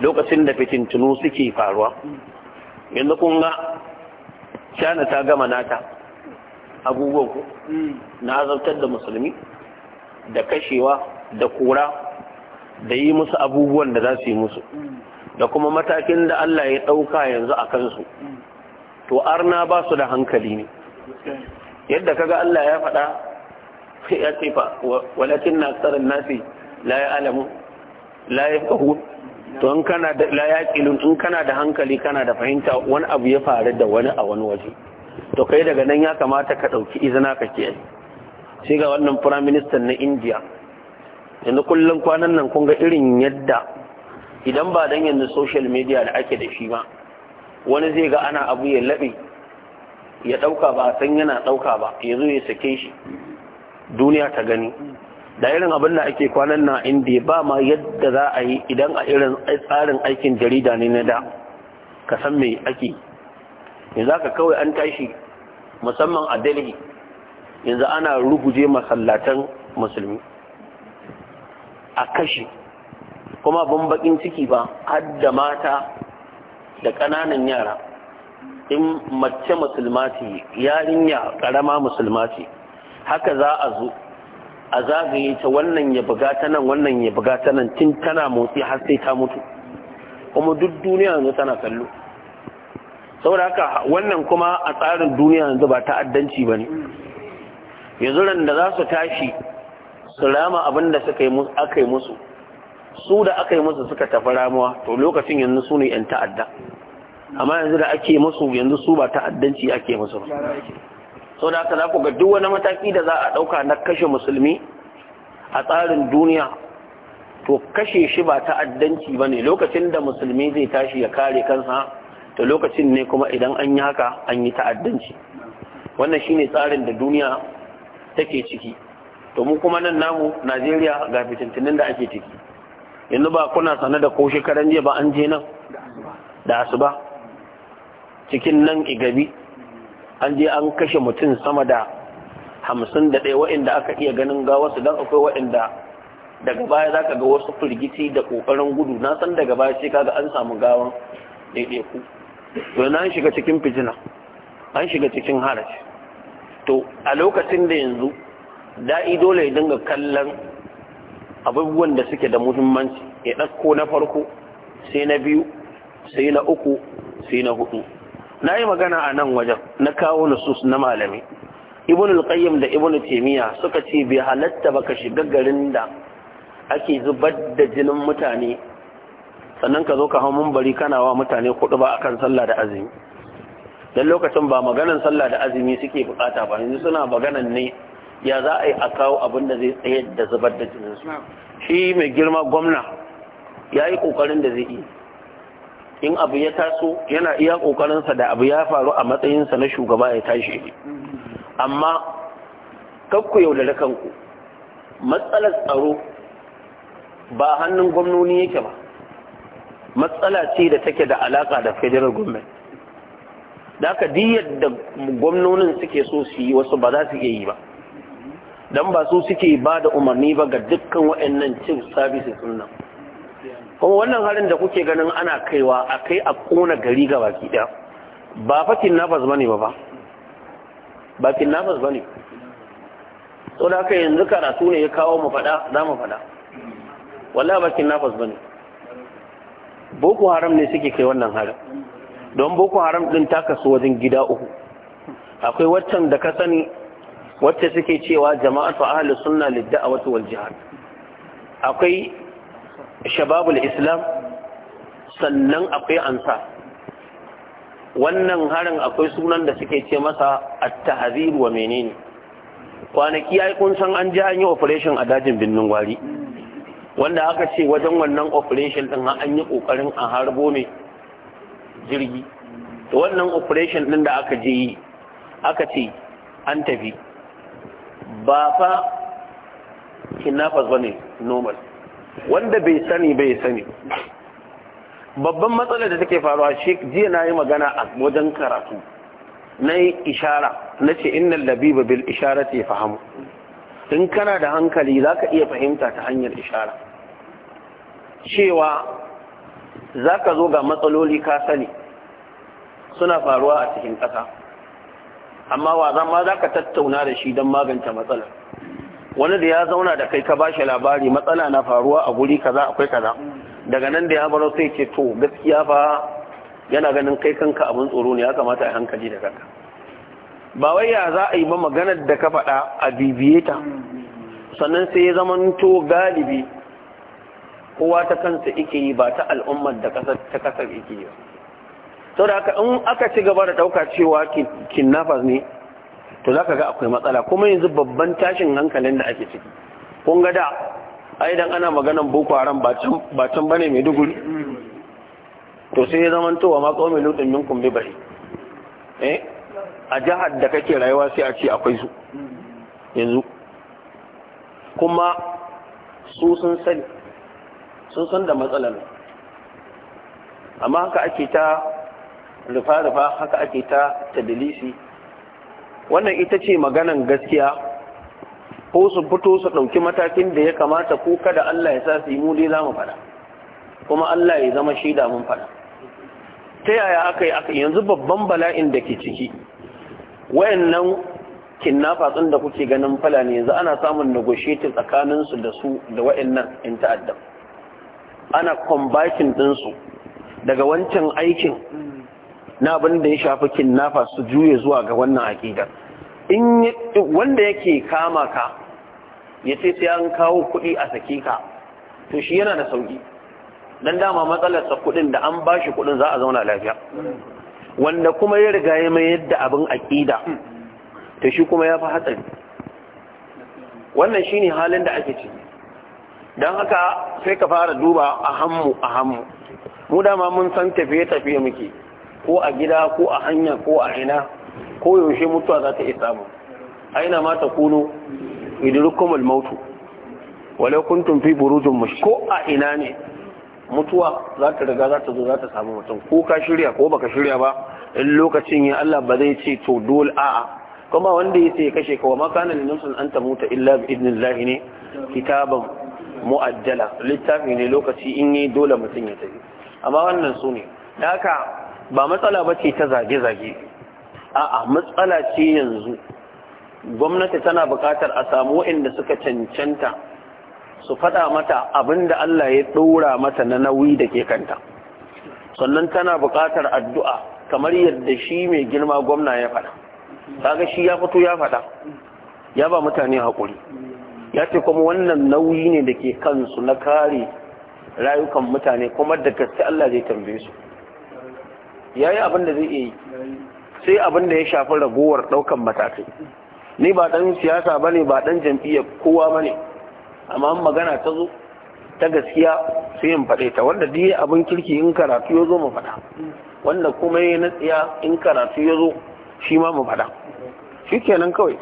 lokacin da fitintunu suke faruwa yanzu kun ga shana ta gama nata abubuwan ku na azabtar da musulmi da kashewa da kura da yi musu abubuwan da za su yi musu da kuma matakin da Allah ya ɗauka yanzu a kansu to arna ba su da hankali ne yadda kaga Allah ya faɗa ya ce walakin na tsarin nasi la ya alamu la ya fahu to in kana da la kilun in kana da hankali kana da fahimta wani abu ya faru da wani a wani waje to kai daga nan ya kamata ka ɗauki izina ka ke sai ga wannan prime minister na India yanzu kullum kwanan nan kun ga irin yadda idan ba dan yanzu social media da ake da shi ba wani zai ga ana abu ya labe ya ɗauka ba a san yana ɗauka ba ya zo ya sake shi duniya ta gani da irin abin da ake kwanan na inda ba ma yadda za a yi idan a irin tsarin aikin jarida ne na da ka san mai ake yanzu ka kawai an tashi musamman a delhi yanzu ana ruguje masallatan musulmi a kashe kuma ban ciki ba har mata da ƙananan yara in mace musulma ce yarinya karama musulma ce haka za a zo a zagaye ta wannan ya buga ta nan wannan ya buga ta nan tun tana motsi har sai ta mutu kuma duk duniya yanzu tana kallo saboda haka wannan kuma a tsarin duniya yanzu ba ta'addanci ba ne yanzu ran da za su tashi su rama abin da suka yi aka yi musu su da aka yi musu suka tafi ramuwa to lokacin yanzu su ne 'yan ta'adda amma yanzu da ake musu yanzu su ba ta'addanci ake musu ba sau da haka za ga duk wani mataki da za a ɗauka na kashe musulmi a tsarin duniya to kashe shi ba ta'addanci ba ne lokacin da musulmi zai tashi ya kare kansa da lokacin ne kuma idan an yi haka an yi ta'addanci wannan shine tsarin da duniya take ciki to mu kuma nan namu najeriya ga fitintunin da ake ciki yanzu ba kuna sane da ko shekaran jiya ba an je nan da asuba cikin nan igabi an je an kashe mutum sama da hamsin da ɗaya wa'inda aka iya ganin gawarsu don akwai wa'inda daga baya za ka ga wasu firgici da ƙoƙarin gudu na san daga baya sai kaga an samu gawan ɗaiɗaiku to na an shiga cikin fitina an shiga cikin haraci to a lokacin da yanzu da'i dole ya dinga kallon abubuwan da suke da muhimmanci ya ɗauko na farko sai na biyu sai na uku sai na hudu na yi magana a nan wajen na kawo nusus na malami ibn al-qayyim da ibn taymiya suka ce bai halatta baka shiga garin da ake zubar da jinin mutane sannan ka zo ka hau mumbari kana wa mutane kudu ba akan sallah da azumi dan lokacin ba maganan sallah da azumi suke bukata ba yanzu suna maganan ne ya za a yi a kawo abin da zai tsaye da zubar da jinin su shi mai girma gwamna ya yi kokarin da zai yi in abu ya taso yana iya kokarinsa da abu ya faru a matsayinsa na shugaba ya tashi ne amma kakku yaudare kanku matsalar tsaro ba hannun gwamnoni yake ba matsala ce da take da alaka da federal government da aka diyar da gwamnonin suke so su yi wasu ba za su iya yi ba Dan ba su suke ba da umarni ba ga dukkan waɗannan cin services nan kuma wannan harin da kuke ganin ana kaiwa a kai a kona gari ga baki ɗaya ba fakin nafas bane ba ba bakin nafas bane so da aka yanzu karatu ne ya kawo mu faɗa za mu faɗa walla bakin nafas bane boko haram ne suke kai wannan harin don boko haram ɗin ta kasu wajen gida uku akwai waccan da ka sani wacce suke cewa jama'atu ahlus sunna lid da'awati wal jihad akwai shababul islam sannan akwai ansa wannan harin akwai sunan da suke ce masa at-tahzir wa menene kwanaki ai kun san an ji an yi operation a dajin binnin gwari wanda aka ce wajen wannan operation din an yi kokarin a harbo mai jirgi to wannan operation din da aka je yi aka ce an tafi ba fa kidnappers bane normal wanda bai sani bai sani babban matsalar da take faruwa shi jiya na yi magana a wajen karatu na yi ishara na ce innan labiba bil ishara ce fahimu in kana da hankali za ka iya fahimta ta hanyar ishara cewa za ka zo ga matsaloli ka sani suna faruwa a cikin ƙasa amma wa zama za ka tattauna da shi don magance matsalar wani da ya zauna da kai ka bashi labari matsala na faruwa a guri kaza akwai kaza daga nan da ya baro sai ce to gaskiya fa yana ganin kai kanka abin tsoro ne ya kamata a hankali da kanka ba wai ya za a yi ba maganar da ka faɗa a bibiyeta sannan sai ya zama to galibi kowa ta kansa ike yi ba ta al'ummar da ta kasar ike yi ba sau da in aka ci gaba da ɗauka cewa kinnafas ne to za ka ga akwai matsala kuma yanzu babban tashin hankalin da ake ciki kun ga da ai dan ana maganan boko haram ba can bane mai duguri to sai ya zama towa ma mai lutsin min bi bari eh a jihar da kake rayuwa sai a ce akwai su yanzu kuma su sun sani sun san da matsalar amma haka ake ta rufa-rufa haka ake ta tadilisi wannan ita ce maganan gaskiya ko su fito su ɗauki matakin da ya kamata ko kada Allah ya sa su yi mu dai za mu faɗa kuma Allah ya zama shi shaida mun faɗa ta yaya aka yi aka yanzu babban bala'in da ke ciki wayannan kinnafa tsin da kuke ganin fala ne yanzu ana samun negotiating tsakanin su da su da wayannan in ta'adda ana combating ɗinsu daga wancan aikin na abin da ya shafi kinnafa su juye zuwa ga wannan aƙidar in wanda yake kama ka ya ce sai an kawo kuɗi a sake ka to shi yana da sauƙi Don dama matsalarsa kuɗin da an ba shi kuɗin za a zauna lafiya wanda kuma ya riga ya mai yadda abin aƙida to shi kuma ya fi hatsari wannan shi ne halin da ake ciki don haka sai ka fara duba a hammu a hammu mu dama mun san tafiye-tafiye muke ko a gida ko a hanya ko a ina ko yaushe mutuwa za ta isa mu aina ma ta kuno idrukum al-mautu walau kuntum fi burujin mush ko a ina ne mutuwa za ta riga za ta zo za ta samu mutum ko ka shirya ko baka shirya ba in lokacin ya Allah ba zai ce to dole a'a kuma wanda ya kashe kawa ma kana lin nafsin an muta illa bi idnillahi ne kitaban mu'ajjala littafi ne lokaci in yi dole mutum ya tafi amma wannan su ne haka ba matsala ba ce ta zage-zage a'a matsala ce yanzu gwamnati tana bukatar a samu waɗanda suka cancanta su faɗa mata abin da Allah ya ɗora mata na nauyi da ke kanta sannan tana bukatar addu'a kamar yadda shi mai girma gwamna ya faɗa kaga shi ya fito ya faɗa ya ba mutane haƙuri ya ce kuma wannan nauyi ne da ke kansu na kare rayukan mutane kuma da gaske Allah zai tambaye su ya yi abin da zai iya yi sai abin da ya shafi ragowar ɗaukan matakai ni ba ɗan siyasa ba ne ba ɗan jam'iyyar kowa ba ne amma magana ta zo ta gaskiya sai in faɗe ta wanda duk abin kirki in karatu ya zo mu faɗa wanda kuma ya natsiya in karatu ya zo shi ma mu faɗa shi kenan kawai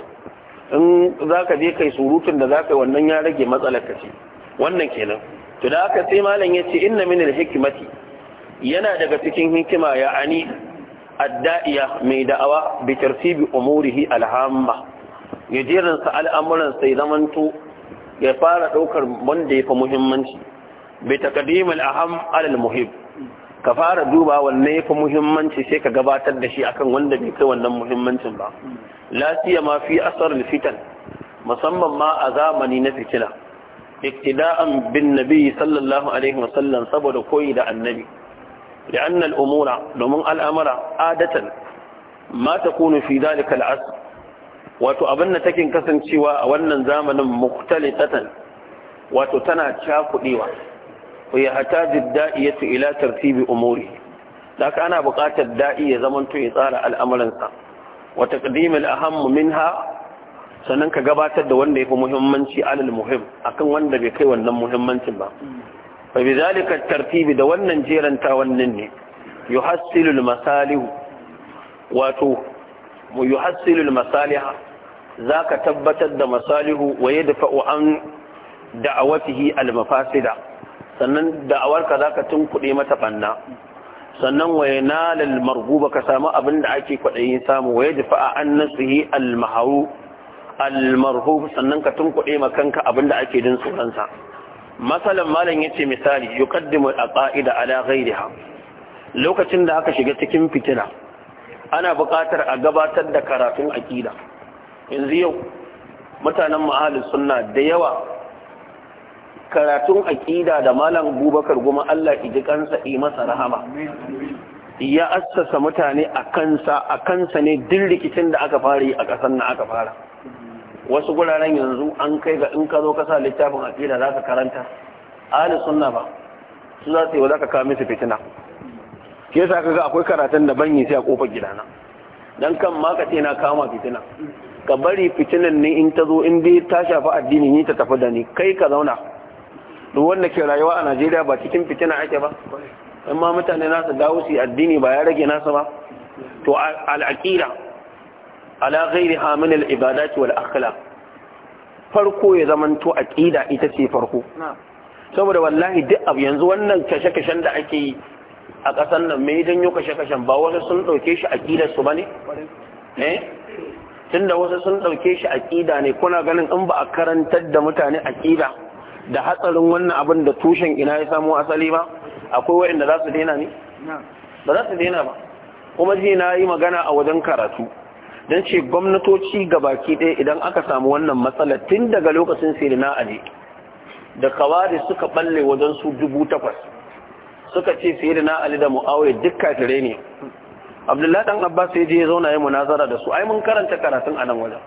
in za ka je kai surutun da za ka yi wannan ya rage matsalar ka ce wannan kenan to da aka sai malam ya ce inna min al-hikmati yana daga cikin hikima ya ani adda'iya mai da'awa bi tartibi umurihi alhamma ya jerin sa al'amuran sai zamanto ya fara daukar wanda fi muhimmanci bi taqdim al-aham muhim ka fara duba wanne fi muhimmanci sai ka gabatar da shi akan wanda bai kai wannan muhimmancin ba la ma fi asar al-fitan musamman ma a zamani na fitina iktida'an bin nabi sallallahu alaihi wasallam saboda koyi da annabi da annan umura domin al’amura adatan ma ta kunu fi zalika al’asu wato abin da take kasancewa a wannan zamanin muktali tatan wato tana cakuɗewa ku yi hata jidda'iya ta ilatar tibi umuri da aka ana buƙatar da'iya zaman to ya tsara al’amuransa wata ƙadimin ahammu min ha sannan ka gabatar da wanda ya fi muhimmanci alal muhim akan wanda bai kai wannan muhimmancin ba fa bi zalika tartibi da wannan jeranta wannan ne yuhassilu al-masalih wato mu yuhassilu al-masalih zaka tabbatar da masalihu wa yadfa'u an da'awatihi al-mafasida sannan da'awarka zaka tunkuɗe mata banna sannan wa yanal al-marghuba ka samu abin da ake kwadayin samu wa yadfa'a an nasihi al-mahru al-marhub sannan ka tunkuɗe makanka abin da ake din tsoron sa masalan malam yace misali yuqaddimu al-aqaida ala ghayriha lokacin da aka shiga cikin fitina ana buƙatar a gabatar da karatun aqida yanzu yau mutanen ma'ahalin sunna da yawa karatun aƙida da malam abubakar goma Allah ji kansa yi masa rahama ya assasa mutane a kansa a kansa ne duk rikicin da aka fara yi a ƙasar na aka fara wasu guraren yanzu an kai ga in ka zo ka sa littafin aqida za ka karanta ahli sunna ba su za su yi wa za ka kawo musu fitina ke sa ka ga akwai karatun da ban yi sai a kofar gidana dan kan ma ka ce na kama fitina ka bari fitinan ne in ta zo in dai ta shafi addini ni ta tafi da ni kai ka zauna duk wanda ke rayuwa a Najeriya ba cikin fitina ake ba in ma mutane nasu dawo su addini ba ya rage nasu ba to al'aqida ala ghairiha min al-ibadat wal akhlaq farko ya zamanto aqida ita ce farko saboda wallahi duk abu yanzu wannan kashe-kashen da ake yi a kasan nan me mai yau kashe-kashen ba wasu sun ɗauke shi aƙidar su ba ne? Eh? Tunda wasu sun ɗauke shi aqida ne kuna ganin in ba a karantar da mutane aqida da hatsarin wannan abin da tushen ina ya samo asali ba akwai waɗanda za su daina ne? ba za su daina ba kuma ji na yi magana a wajen karatu don ce gwamnatoci baki ɗaya idan aka samu wannan matsala tun daga lokacin sirina ali da kawari suka balle wajen su dubu takwas suka ce sirina ali da mu'awai duk kafirai ne abdullahi dan abbas sai je ya zauna yi munazara da su ai mun karanta karatun a nan wajen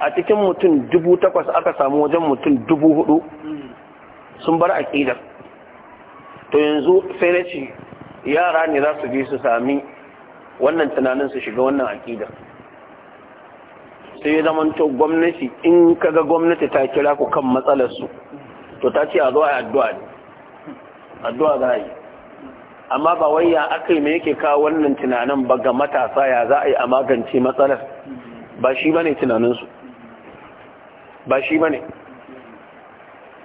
a cikin mutum dubu takwas aka samu wajen mutum dubu hudu sun bar aƙidar to yanzu sai na ce yara ne za su bi su sami wannan tunanin su shiga wannan aƙidar sai ya to gwamnati in kaga gwamnati ta kira ku kan matsalarsu to ta ce a zo a addu'a ne addu'a za a yi amma ba wai ya aka yi yake kawo wannan tunanin ba ga matasa ya za a yi a magance matsalar ba shi ba ne tunaninsu ba shi ba ne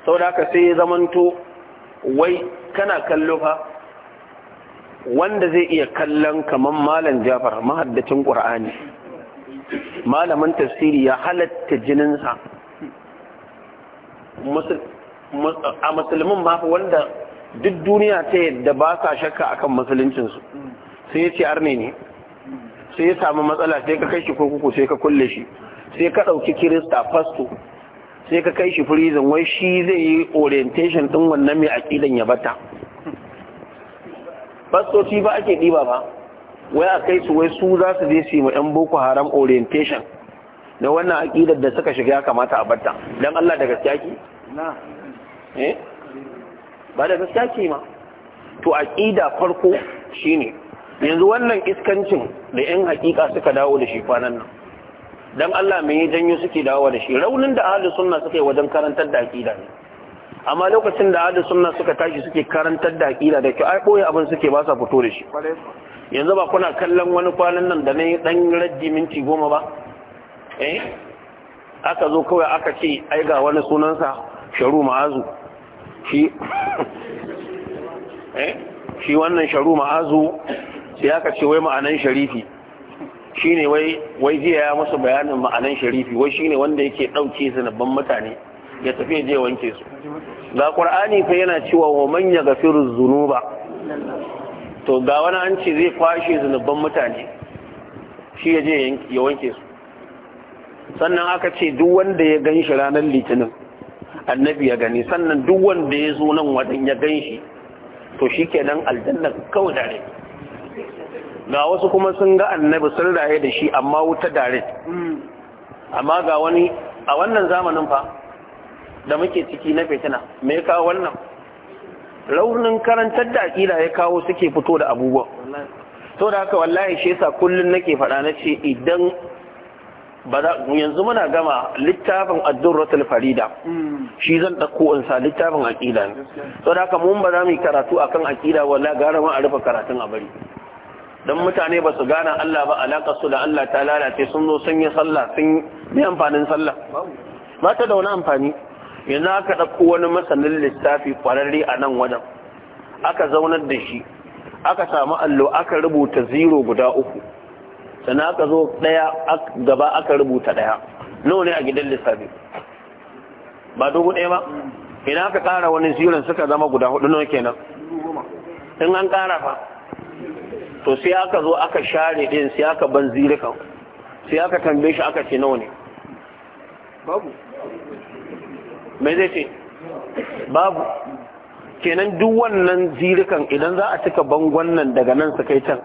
sau da aka sai ya to wai kana kallo fa wanda zai iya kallon kamar malam jafar mahaddacin ƙur'ani malamin tafsiri ya halatta sa. a musulmin mafi wanda duk duniya ta yadda ba sa shakka akan musuluncinsu sai ya ce arne ne sai ya samu matsala sai ka kai shi kurkuku sai ka kulle shi sai ka ɗauki kirista fasto sai ka kai shi prison wai shi zai yi orientation ɗin wannan mai aƙidan ya bata fastoci ba ake ɗiba ba wai a kai su wai su za su je su yi boko haram orientation da wannan aƙidar da suka shiga ya kamata a batta don Allah da gaskiya ki? Eh? ba da gaskiya ki ma to aƙida farko shine yanzu wannan iskancin da 'yan haƙiƙa suka dawo da shi kwanan nan don Allah mai janyo suke dawo da shi raunin da ahalus sunna suka yi wajen karantar da aƙida ne amma lokacin da ahalus sunna suka tashi suke karantar da aƙida da kyau ai ɓoye abin suke ba sa fito da shi yanzu ba kuna kallon wani kwanan nan da na yi ɗan raddi minti goma ba eh aka zo kawai aka ce ai ga wani sunansa sharu ma'azu shi eh shi wannan sharu ma'azu sai aka ce wai ma'anan sharifi Shi ne wai jiya ya masu bayanin ma'anan sharifi wai shi ne wanda yake ɗauke zanabban mutane ya tafi je wanke su ga ƙwar'ani fa yana cewa wa man yaghfiru zunuba. to ga wani an ce zai kwashe zunuban mutane shi ya je ya wanke su sannan aka ce duk wanda ya gan shi ranar litinin annabi ya gani sannan duk wanda ya zo nan wadan ya gan shi to shi kenan aljanna kawai dare ga wasu kuma sun ga annabi sun raye da shi amma wuta dare amma ga wani a wannan zamanin fa da muke ciki na fitina me kawo wannan raunin karantar da aƙida ya kawo suke fito da abubuwan to da haka wallahi shi yasa kullun nake faɗa na ce idan yanzu muna gama littafin addurratul farida shi zan ɗauko in sa littafin aƙida ne to da haka mun ba za mu yi karatu akan aƙida wala gara ma a rufe karatun a bari dan mutane ba su gane Allah ba alaƙa su da Allah ta lalace sun zo sun yi sallah sun yi amfanin sallah ba ta da wani amfani yanzu aka ɗauko wani masanin lissafi kwararre a nan wajen aka zaunar da shi aka samu allo aka rubuta zero guda uku sannan aka zo ɗaya gaba aka rubuta ɗaya nawa ne a gidan lissafi ba dubu ɗaya ba idan aka ƙara wani zirin suka zama guda hudu nawa kenan in an ƙara fa to sai aka zo aka share ɗin sai aka ban zirikan sai aka tambaye shi aka ce nawa ne babu mai zai ce babu kenan duk wannan zirikan idan za a cika bangon nan daga nan su kai can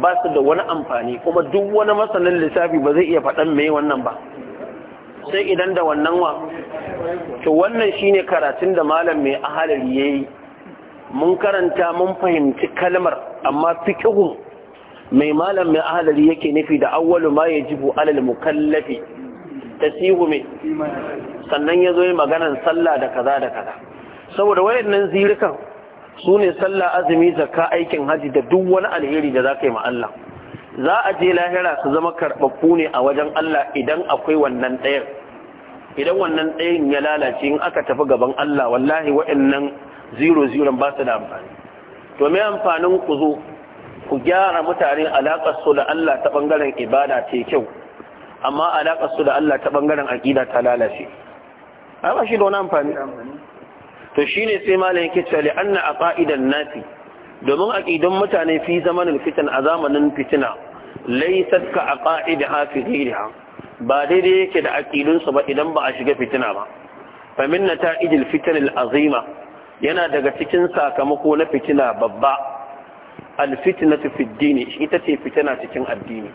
ba su da wani amfani kuma duk wani masanin lissafi ba zai iya faɗan mai wannan ba sai idan da wannan wa to wannan shine karatun da malam mai ahalar yi mun karanta mun fahimci kalmar amma fiqhu mai malam mai ahalar yake nufi da awwalu ma ya jibu alal mukallafi tasihu mai sannan ya zo yi maganan sallah da kaza da kaza saboda wayannan zirikan su ne sallah azumi zakka aikin haji da duk wani alheri da za ka yi ma Allah za a je lahira su zama karɓaɓɓu ne a wajen Allah idan akwai wannan ɗayan idan wannan ɗayan ya lalace in aka tafi gaban Allah wallahi wayannan zero zero ba su da amfani to me amfanin ku zo ku gyara mutane alaƙar su da Allah ta ɓangaren ibada ce kyau amma alaƙar su da Allah ta ɓangaren aƙida ta lalace ai ba shi da wani amfani to shine sai malam yake an na a aqaidan nasi domin aƙidun mutane fi zamanin fitan a zamanin fitina laysat ka aqaid hafidhiha ba daidai yake da aƙidunsu ba idan ba a shiga fitina ba fa min nata'ijil fitan al-azima yana daga cikin sakamako na fitina babba al-fitnatu fi ita ce fitina cikin addini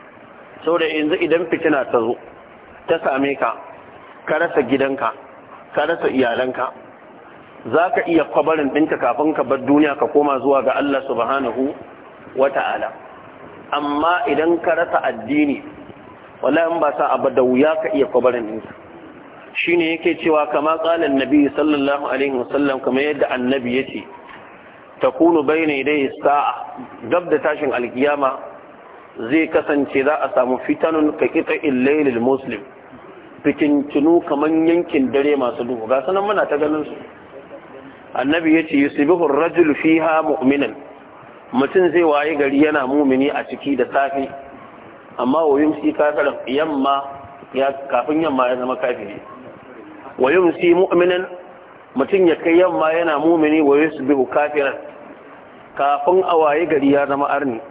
saboda yanzu idan fitina ta zo ta same ka ka rasa gidanka ka rasa iyalanka za ka iya kwabarin ɗinka kafin ka bar duniya ka koma zuwa ga Allah subhanahu wa ta'ala amma idan ka rasa addini wallahi ba sa abu da wuya ka iya kwabarin ɗinka shine yake cewa kama tsalin nabi sallallahu alaihi wasallam kamar yadda annabi ya ce ta kunu bai ne dai sa'a gab da tashin alkiyama zai kasance za a samu fitanun ka kita illailil muslim tunu kamar yankin dare masu duhu ga sanan muna ta ganin su annabi ya ce yusibuhu rajul fiha mu'minan mutum zai waye gari yana mumini a ciki da safe amma wa yumsi kafiran yamma ya kafin yamma ya zama kafiri wa yumsi mu'minan mutum ya kai yamma yana mumini wa yusbihu kafiran kafin a waye gari ya zama arni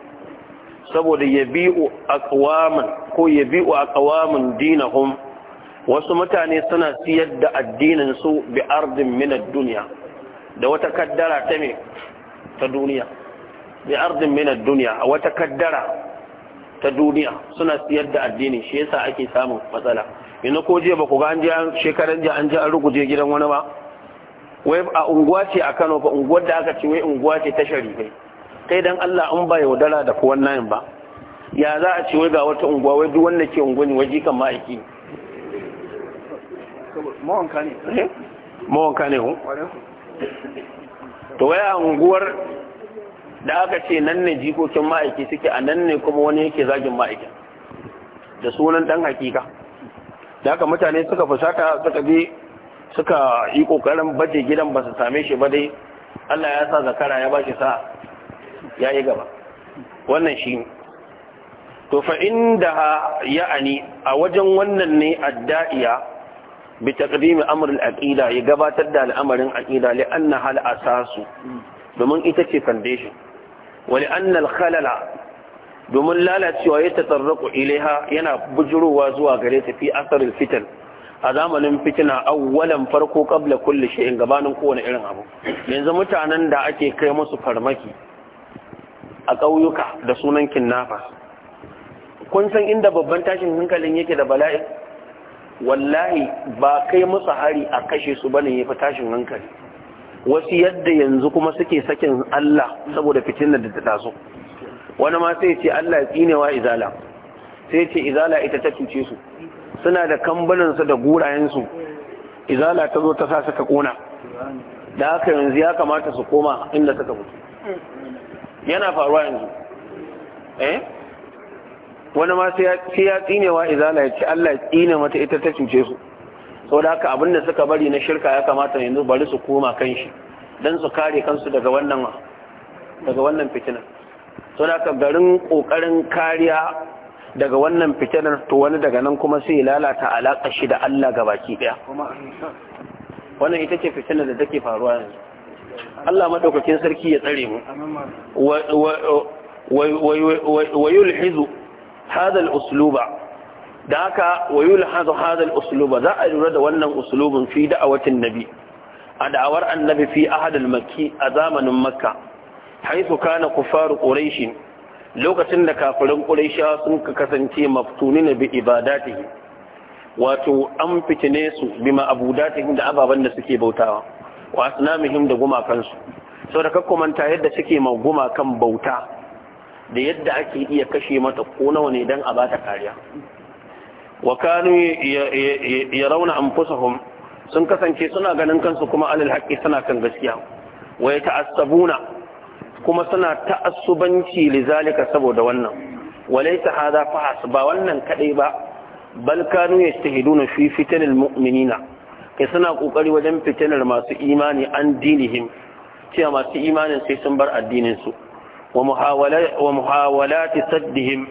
saboda yabi'u aqwaman ko yabi'u aqwaman dinahum wasu mutane suna siyar da addinin su bi ardin minad duniya da wata kaddara ta me ta duniya bi ardin minad duniya a wata kaddara ta duniya suna siyar da addini shi yasa ake samun matsala ina ko jiya ba ku ga an ji shekaran jiya an ji an ruguje gidan wani ba wai a unguwa ce a Kano fa unguwar da aka ce wai unguwa ce ta sharifai kai dan Allah an ba yaudara da kuwan nayin ba ya za a ce wai ga wata unguwa wai duk wanda ke unguwa ne waji kan ma'aiki mawanka ne eh? to waya unguwar da aka ce nan ne jikokin ma'aiki suke a nan ne kuma wani yake zagin ma'aikin da sunan dan hakika da aka mutane suka fusata suka bi suka yi kokarin baje gidan ba su same shi ba dai Allah ya sa zakara ya bashi sa ya yi gaba wannan shi to fa inda ya'ani a wajen wannan ne adda'iya bi taqdim amr al ya gabatar da al'amarin aqida li anna hal asasu domin ita ce foundation wa li anna al-khalala domin lalacewa ya tatarraku ilaiha yana bujurowa zuwa gare ta fi asarin fitan a zamanin fitina awwalan farko kabla kulli shay'in gabanin kowane irin abu yanzu mutanen da ake kai musu farmaki a ƙauyuka da sunan kinnafa kun san inda babban tashin hankalin yake da bala'i wallahi ba kai musu hari a kashe su bane ya fi tashin hankali wasu yadda yanzu kuma suke sakin Allah saboda fitinar da ta taso wani ma sai ce Allah ya tsinewa izala sai ce izala ita ta cuce su suna da kambaninsu da gurayensu izala ta zo ta sa suka kona da haka yanzu ya kamata su koma inda suka fito yana faruwa yanzu eh wani ma sai ya tsinewa izala ya ce Allah ya tsine mata ita ta cuce su da haka abin da suka bari na shirka ya kamata yanzu bari su koma kan shi don su kare kansu daga wannan fitina Sau da haka garin kokarin kariya daga wannan fitinar to wani daga nan kuma sai lalata alaka shi da Allah ga baki daya wannan ita ce fitinar da take faruwa yanzu Allah madaukakin sarki ya tsare mu wa yulhizu هذا الأسلوب da ويلحظ هذا الأسلوب ذا الرد وأن أسلوب في دعوة النبي أدعور النبي في أحد المكي أزامن مكة حيث كان كفار قريش lokacin da kafirin ƙulaisha sun kasance na bi ibadatihi wato an fitine su bi ma'abudatihim da ababen da suke bautawa wa asnamihim da gumakansu sau da kakkumanta yadda suke ma gumakan bauta da yadda ake iya kashe mata ko nawa ne idan a ba ta kariya wa kanu ya rauna sun kasance suna ganin kansu kuma alal haqqi suna kan gaskiya wa yata'assabuna kuma suna ta'assubanci lizalika saboda wannan walaysa hadha fahas ba wannan kadai ba bal kanu yastahiduna fi fitanil mu'minina kai suna kokari wajen fitanar masu imani an dinihim cewa masu imanin sai sun bar addinin su ومحاولات سدهم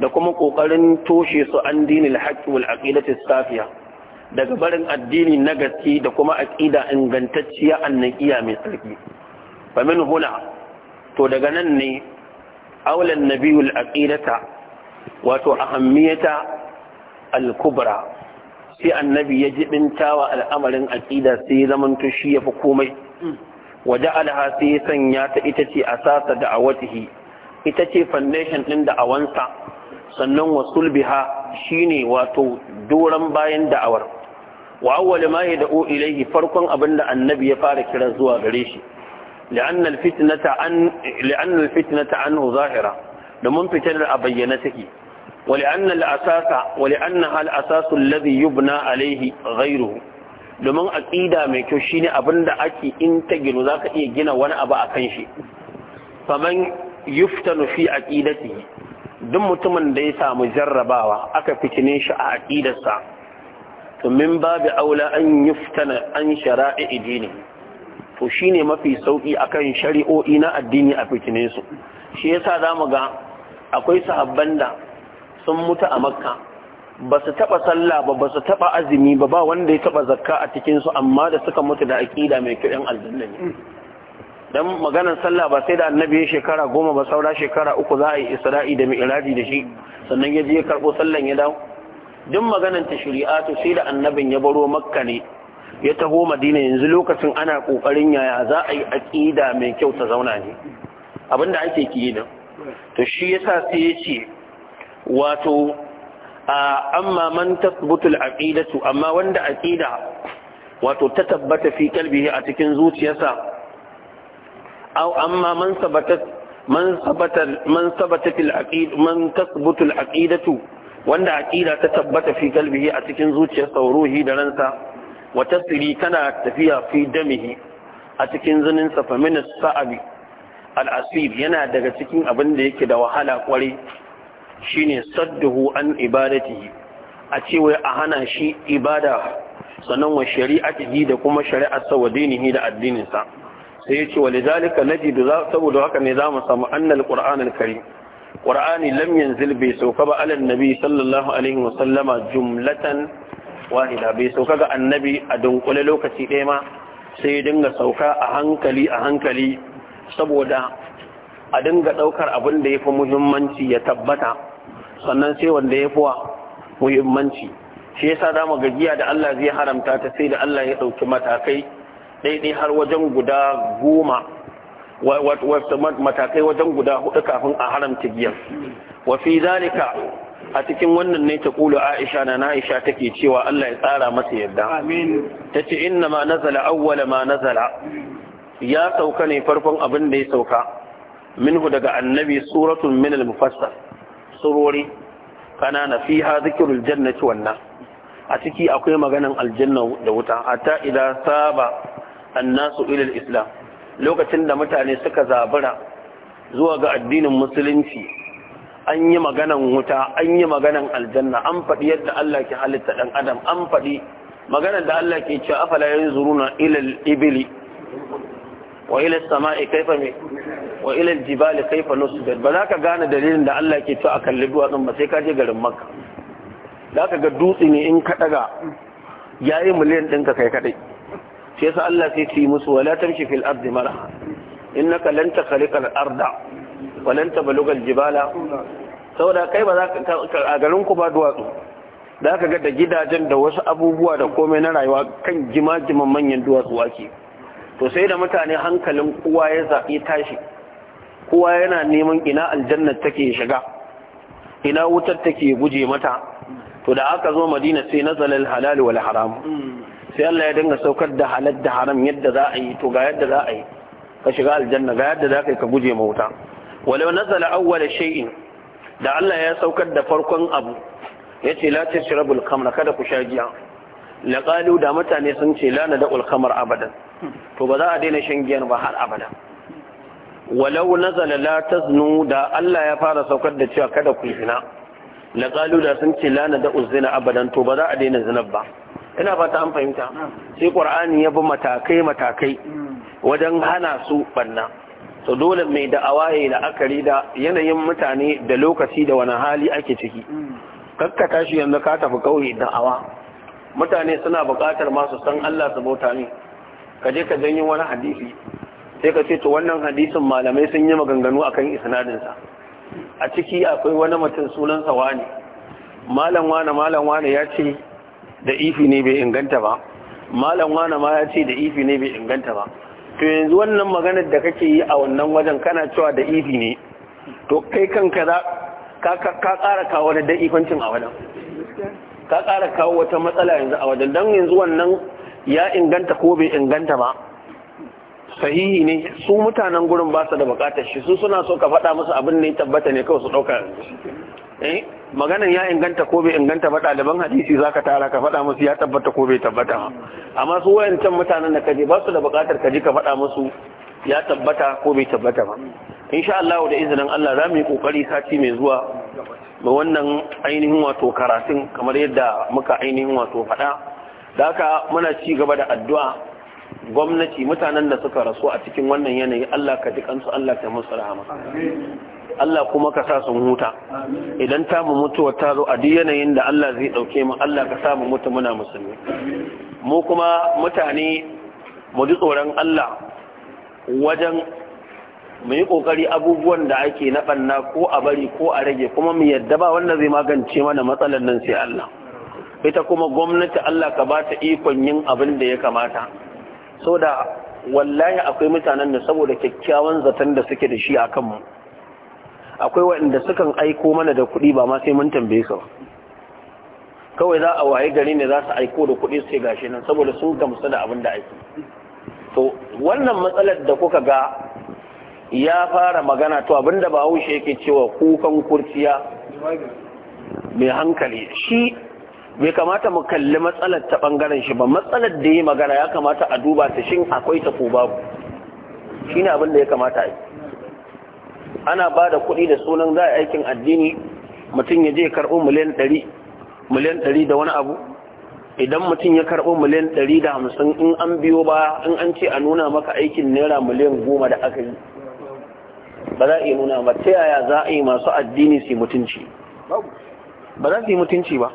da kuma ƙoƙarin toshe su an dinil haƙƙi wal safiya daga barin addini na gaske da kuma aƙida ingantacciya annaqiya mai tsarki fa min huna to daga nan ne aulan nabiyul aqidata wato ahammiyata al kubra sai annabi ya jibinta wa al'amarin aqida sai zaman to shi yafi komai waje alhasi ya sanya ta ita ce asasa da awatihi ita ce foundation din da awansa sannan wasul biha shine wato doron bayan da'awar wa awwal ma da ilayhi farkon abin da annabi ya fara kira zuwa gare shi لأن الفتنة عن لأن الفتنة عنه ظاهرة لمن فتنة أبينته ولأن الأساس ولأنها الأساس الذي يبنى عليه غيره domin aƙida mai kyau shine abin da ake in ta gino za iya gina wani abu a kan shi faman yuftanu fi aqidati duk mutumin da ya samu jarrabawa aka fitine shi a aqidarsa to min babu aula an yuftana an shara'i dini to shine mafi sauki akan shari'o'i na addini a fitine su shi yasa zamu ga akwai sahabban da sun mutu a makka ba su taɓa sallah ba ba su taɓa azumi ba ba wanda ya taba zakka a cikin su amma da suka mutu da aƙida mai kyau aljanna ne don maganar sallah ba sai da annabi ya shekara goma ba saura shekara uku za a yi isra'i da mi'raji da shi sannan ya je ya karɓo sallan ya dawo duk maganar ta shari'atu sai da annabin ya baro makka ne ya taho madina yanzu lokacin ana ƙoƙarin yaya za a yi aƙida mai kyau ta zauna ne abinda ake kiyi da to shi yasa sai ya ce wato amma man tasbutul aqidatu amma wanda aqida wato ta tabbata fi kalbihi a cikin zuciyarsa aw amma man man sabata man sabata fil aqid man aqidatu wanda aqida ta tabbata fi kalbihi a cikin zuciyarsa ruhi da ransa wa tasri tana tafiya fi damihi a cikin zinin sa fa min al asib yana daga cikin abin da yake da wahala kwarai shine sadduhu an ibadatihi a cewa a hana shi ibada sannan wa ji da kuma shari'ar wa dinihi da addininsa sai ya ce wa lidalika najidu saboda haka ne zamu samu annal qur'anul karim qur'ani lam yanzil bi sauka ba ala annabi sallallahu alaihi wa sallama jumlatan wahida bai sauka ga annabi a dunkule lokaci ɗaya ma sai ya dinga sauka a hankali a hankali saboda a dinga ɗaukar abin da ya fi muhimmanci ya tabbata sannan sai wanda ya fuwa muhimmanci shi yasa da mu giya da Allah zai haramta ta sai da Allah ya dauki matakai daidai har wajen guda goma matakai wajen guda hudu kafin a haramta giyan wa fi zalika a cikin wannan ne ta kulu Aisha na Aisha take cewa Allah ya tsara masa yadda amin tace inna ma nazala awwala ma nazala ya sauka ne farkon abin da ya sauka minhu daga annabi suratun min al-mufassal surori kanana fiha zikirul jannati wannan a ciki akwai maganan aljanna da wuta hatta idan saba annasu ila islam lokacin da mutane suka zabura zuwa ga addinin musulunci an yi maganan wuta an yi maganan aljanna an faɗi yadda Allah ke halitta ɗan adam an faɗi maganar da Allah ke cewa afala yanzuruna ila ibili wa ila samai kaifa mai wa ilal jibali kaifa nusbat ba za ka gane dalilin da Allah ke cewa a kalli din ba sai ka je garin Makka za ka ga dutse ne in ka daga yayi miliyan ka kai kadai Sai sa Allah sai ci musu wala tamshi fil ard maraha innaka lan takhliqa al arda wa lan tabluga al jibala saboda kai ba za ka a garin ku ba duwatsu za ka ga da gidajen da wasu abubuwa da komai na rayuwa kan jima-jiman manyan duwatsu ake to sai da mutane hankalin kowa ya zaɓi tashi kowa yana neman ina aljannar take shiga ina wutar take guje mata to da aka zo madina sai al halal wal haram sai Allah ya dinga saukar da halal da haram yadda za a yi to ga yadda za a yi ka shiga aljanna ga yadda za ka yi ka guje ma wuta walau nazala awwal shay'in da Allah ya saukar da farkon abu yace la tashrabul khamra kada ku sha giya laqalu da mutane sun ce la nadul khamar abadan to ba za a daina shan giyan ba har abada walau nazala la taznu da Allah ya fara saukar da cewa kada ku zina la qalu da sun ce la nada uzina abadan to ba za a daina zina ba ina fata an fahimta sai qur'ani ya bi matakai matakai wajen hana su banna to dole mai da'awa ya la'akari da yanayin mutane da lokaci da wani hali ake ciki ka tashi yanzu ka tafi kauye awa, mutane suna buƙatar masu san Allah su bauta ne ka je ka janyo wani hadisi sai ka ce to wannan hadisin malamai sun yi maganganu akan isnadinsa a ciki akwai wani mutum sunan sa wani malam wani malam wani ya ce da ifi ne bai inganta ba malam wani ma ya ce da ifi ne bai inganta ba to yanzu wannan maganar da kake yi a wannan wajen kana cewa da ifi ne to kai kanka za ka ƙara kawo wani da ifancin a wajen ka ƙara kawo wata matsala yanzu a wajen don yanzu wannan ya inganta ko bai inganta ba sahihi ne su mutanen gurin ba su da bukatar shi su suna so ka faɗa musu abin da ya tabbata ne kawai su ɗauka eh maganan ya inganta ko bai inganta ba ɗaliban hadisi za ka tara ka faɗa musu ya tabbata ko bai tabbata amma su wayancan mutanen da kaje ba su da bukatar ka ji ka faɗa musu ya tabbata ko bai tabbata ba insha Allah da izinin Allah za mu yi kokari sati mai zuwa ba wannan ainihin wato karatun kamar yadda muka ainihin wato faɗa da haka muna ci gaba da addu'a gwamnati mutanen da suka rasu a cikin wannan yanayi Allah ka ji kansu Allah ka musu rahama Allah kuma ka sa sun huta idan ta mu mutuwa ta zo a duk yanayin da Allah zai dauke mu Allah ka sa mu mutu muna musulmi mu kuma mutane mu ji tsoron Allah wajen mu yi kokari abubuwan da ake na banna ko a bari ko a rage kuma mu yadda ba wannan zai magance mana matsalar nan sai Allah ita kuma gwamnati Allah ka ba ta ikon yin abin da ya kamata so da wallahi akwai mutanen da saboda kyakkyawan zaton da suke da shi a kanmu akwai waɗanda sukan aiko mana da kuɗi ba ma sai mun tambaye su kawai za a waye gari ne za su aiko da kuɗi sai gashi nan saboda sun gamsu da abin da aiki to wannan matsalar da kuka ga ya fara magana to da ba haushe yake cewa kukan kurciya mai hankali shi bai kamata mu kalli matsalar ta bangaren shi ba matsalar da yi magana ya kamata a duba ta shin akwai ta ko babu shine abin da ya kamata yi ana ba da kuɗi da sunan za a aikin addini mutum ya je karɓo miliyan ɗari miliyan ɗari da wani abu idan mutum ya karɓo miliyan ɗari da hamsin in an biyo ba in an ce a nuna maka aikin naira miliyan goma da aka yi ba za a iya nuna ba ta yaya za a yi masu addini su mutunci ba za su yi mutunci ba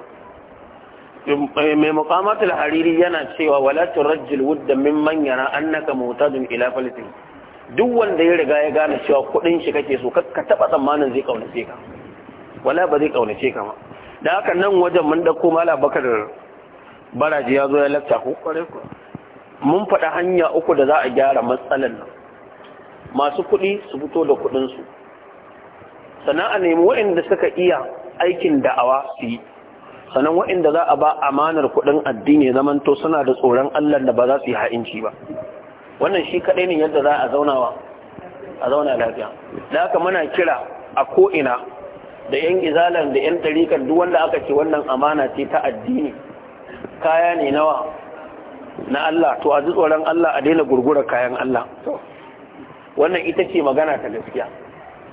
mai mukamatul hariri yana cewa wala turajjil wudda mimman yara annaka mutadun ila falatin duk wanda ya riga ya gane cewa kudin shi kake so ka taba tsammanin zai kaunace ka wala ba zai kaunace ka ma da haka nan wajen mun dauko mala bakar baraji ya zo ya lacca ko kware ko mun faɗa hanya uku da za a gyara matsalan nan masu kuɗi su fito da kuɗinsu sana'a nemi waɗanda suka iya aikin da'awa su yi sannan waɗanda za a ba amanar kuɗin addini to suna da tsoron Allah da ba za su yi ha'inci ba wannan shi kaɗai ne yadda za a zaunawa a zauna lafiya da haka muna kira a ko'ina da yan izalan da yan tarikan duk wanda aka ce wannan amana ce ta addini kaya ne nawa na Allah to a ji tsoron Allah a daina gurgura kayan Allah wannan ita ce magana ta gaskiya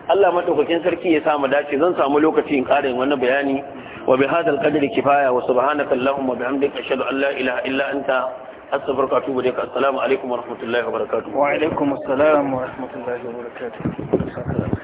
Allah madaukakin sarki ya sa mu dace zan samu lokaci in ƙara wani bayani وبهذا القدر كفاية وسبحانك اللهم وبحمدك أشهد أن لا إله إلا أنت أستغفرك وأتوب إليك السلام عليكم ورحمة الله وبركاته وعليكم السلام ورحمة الله وبركاته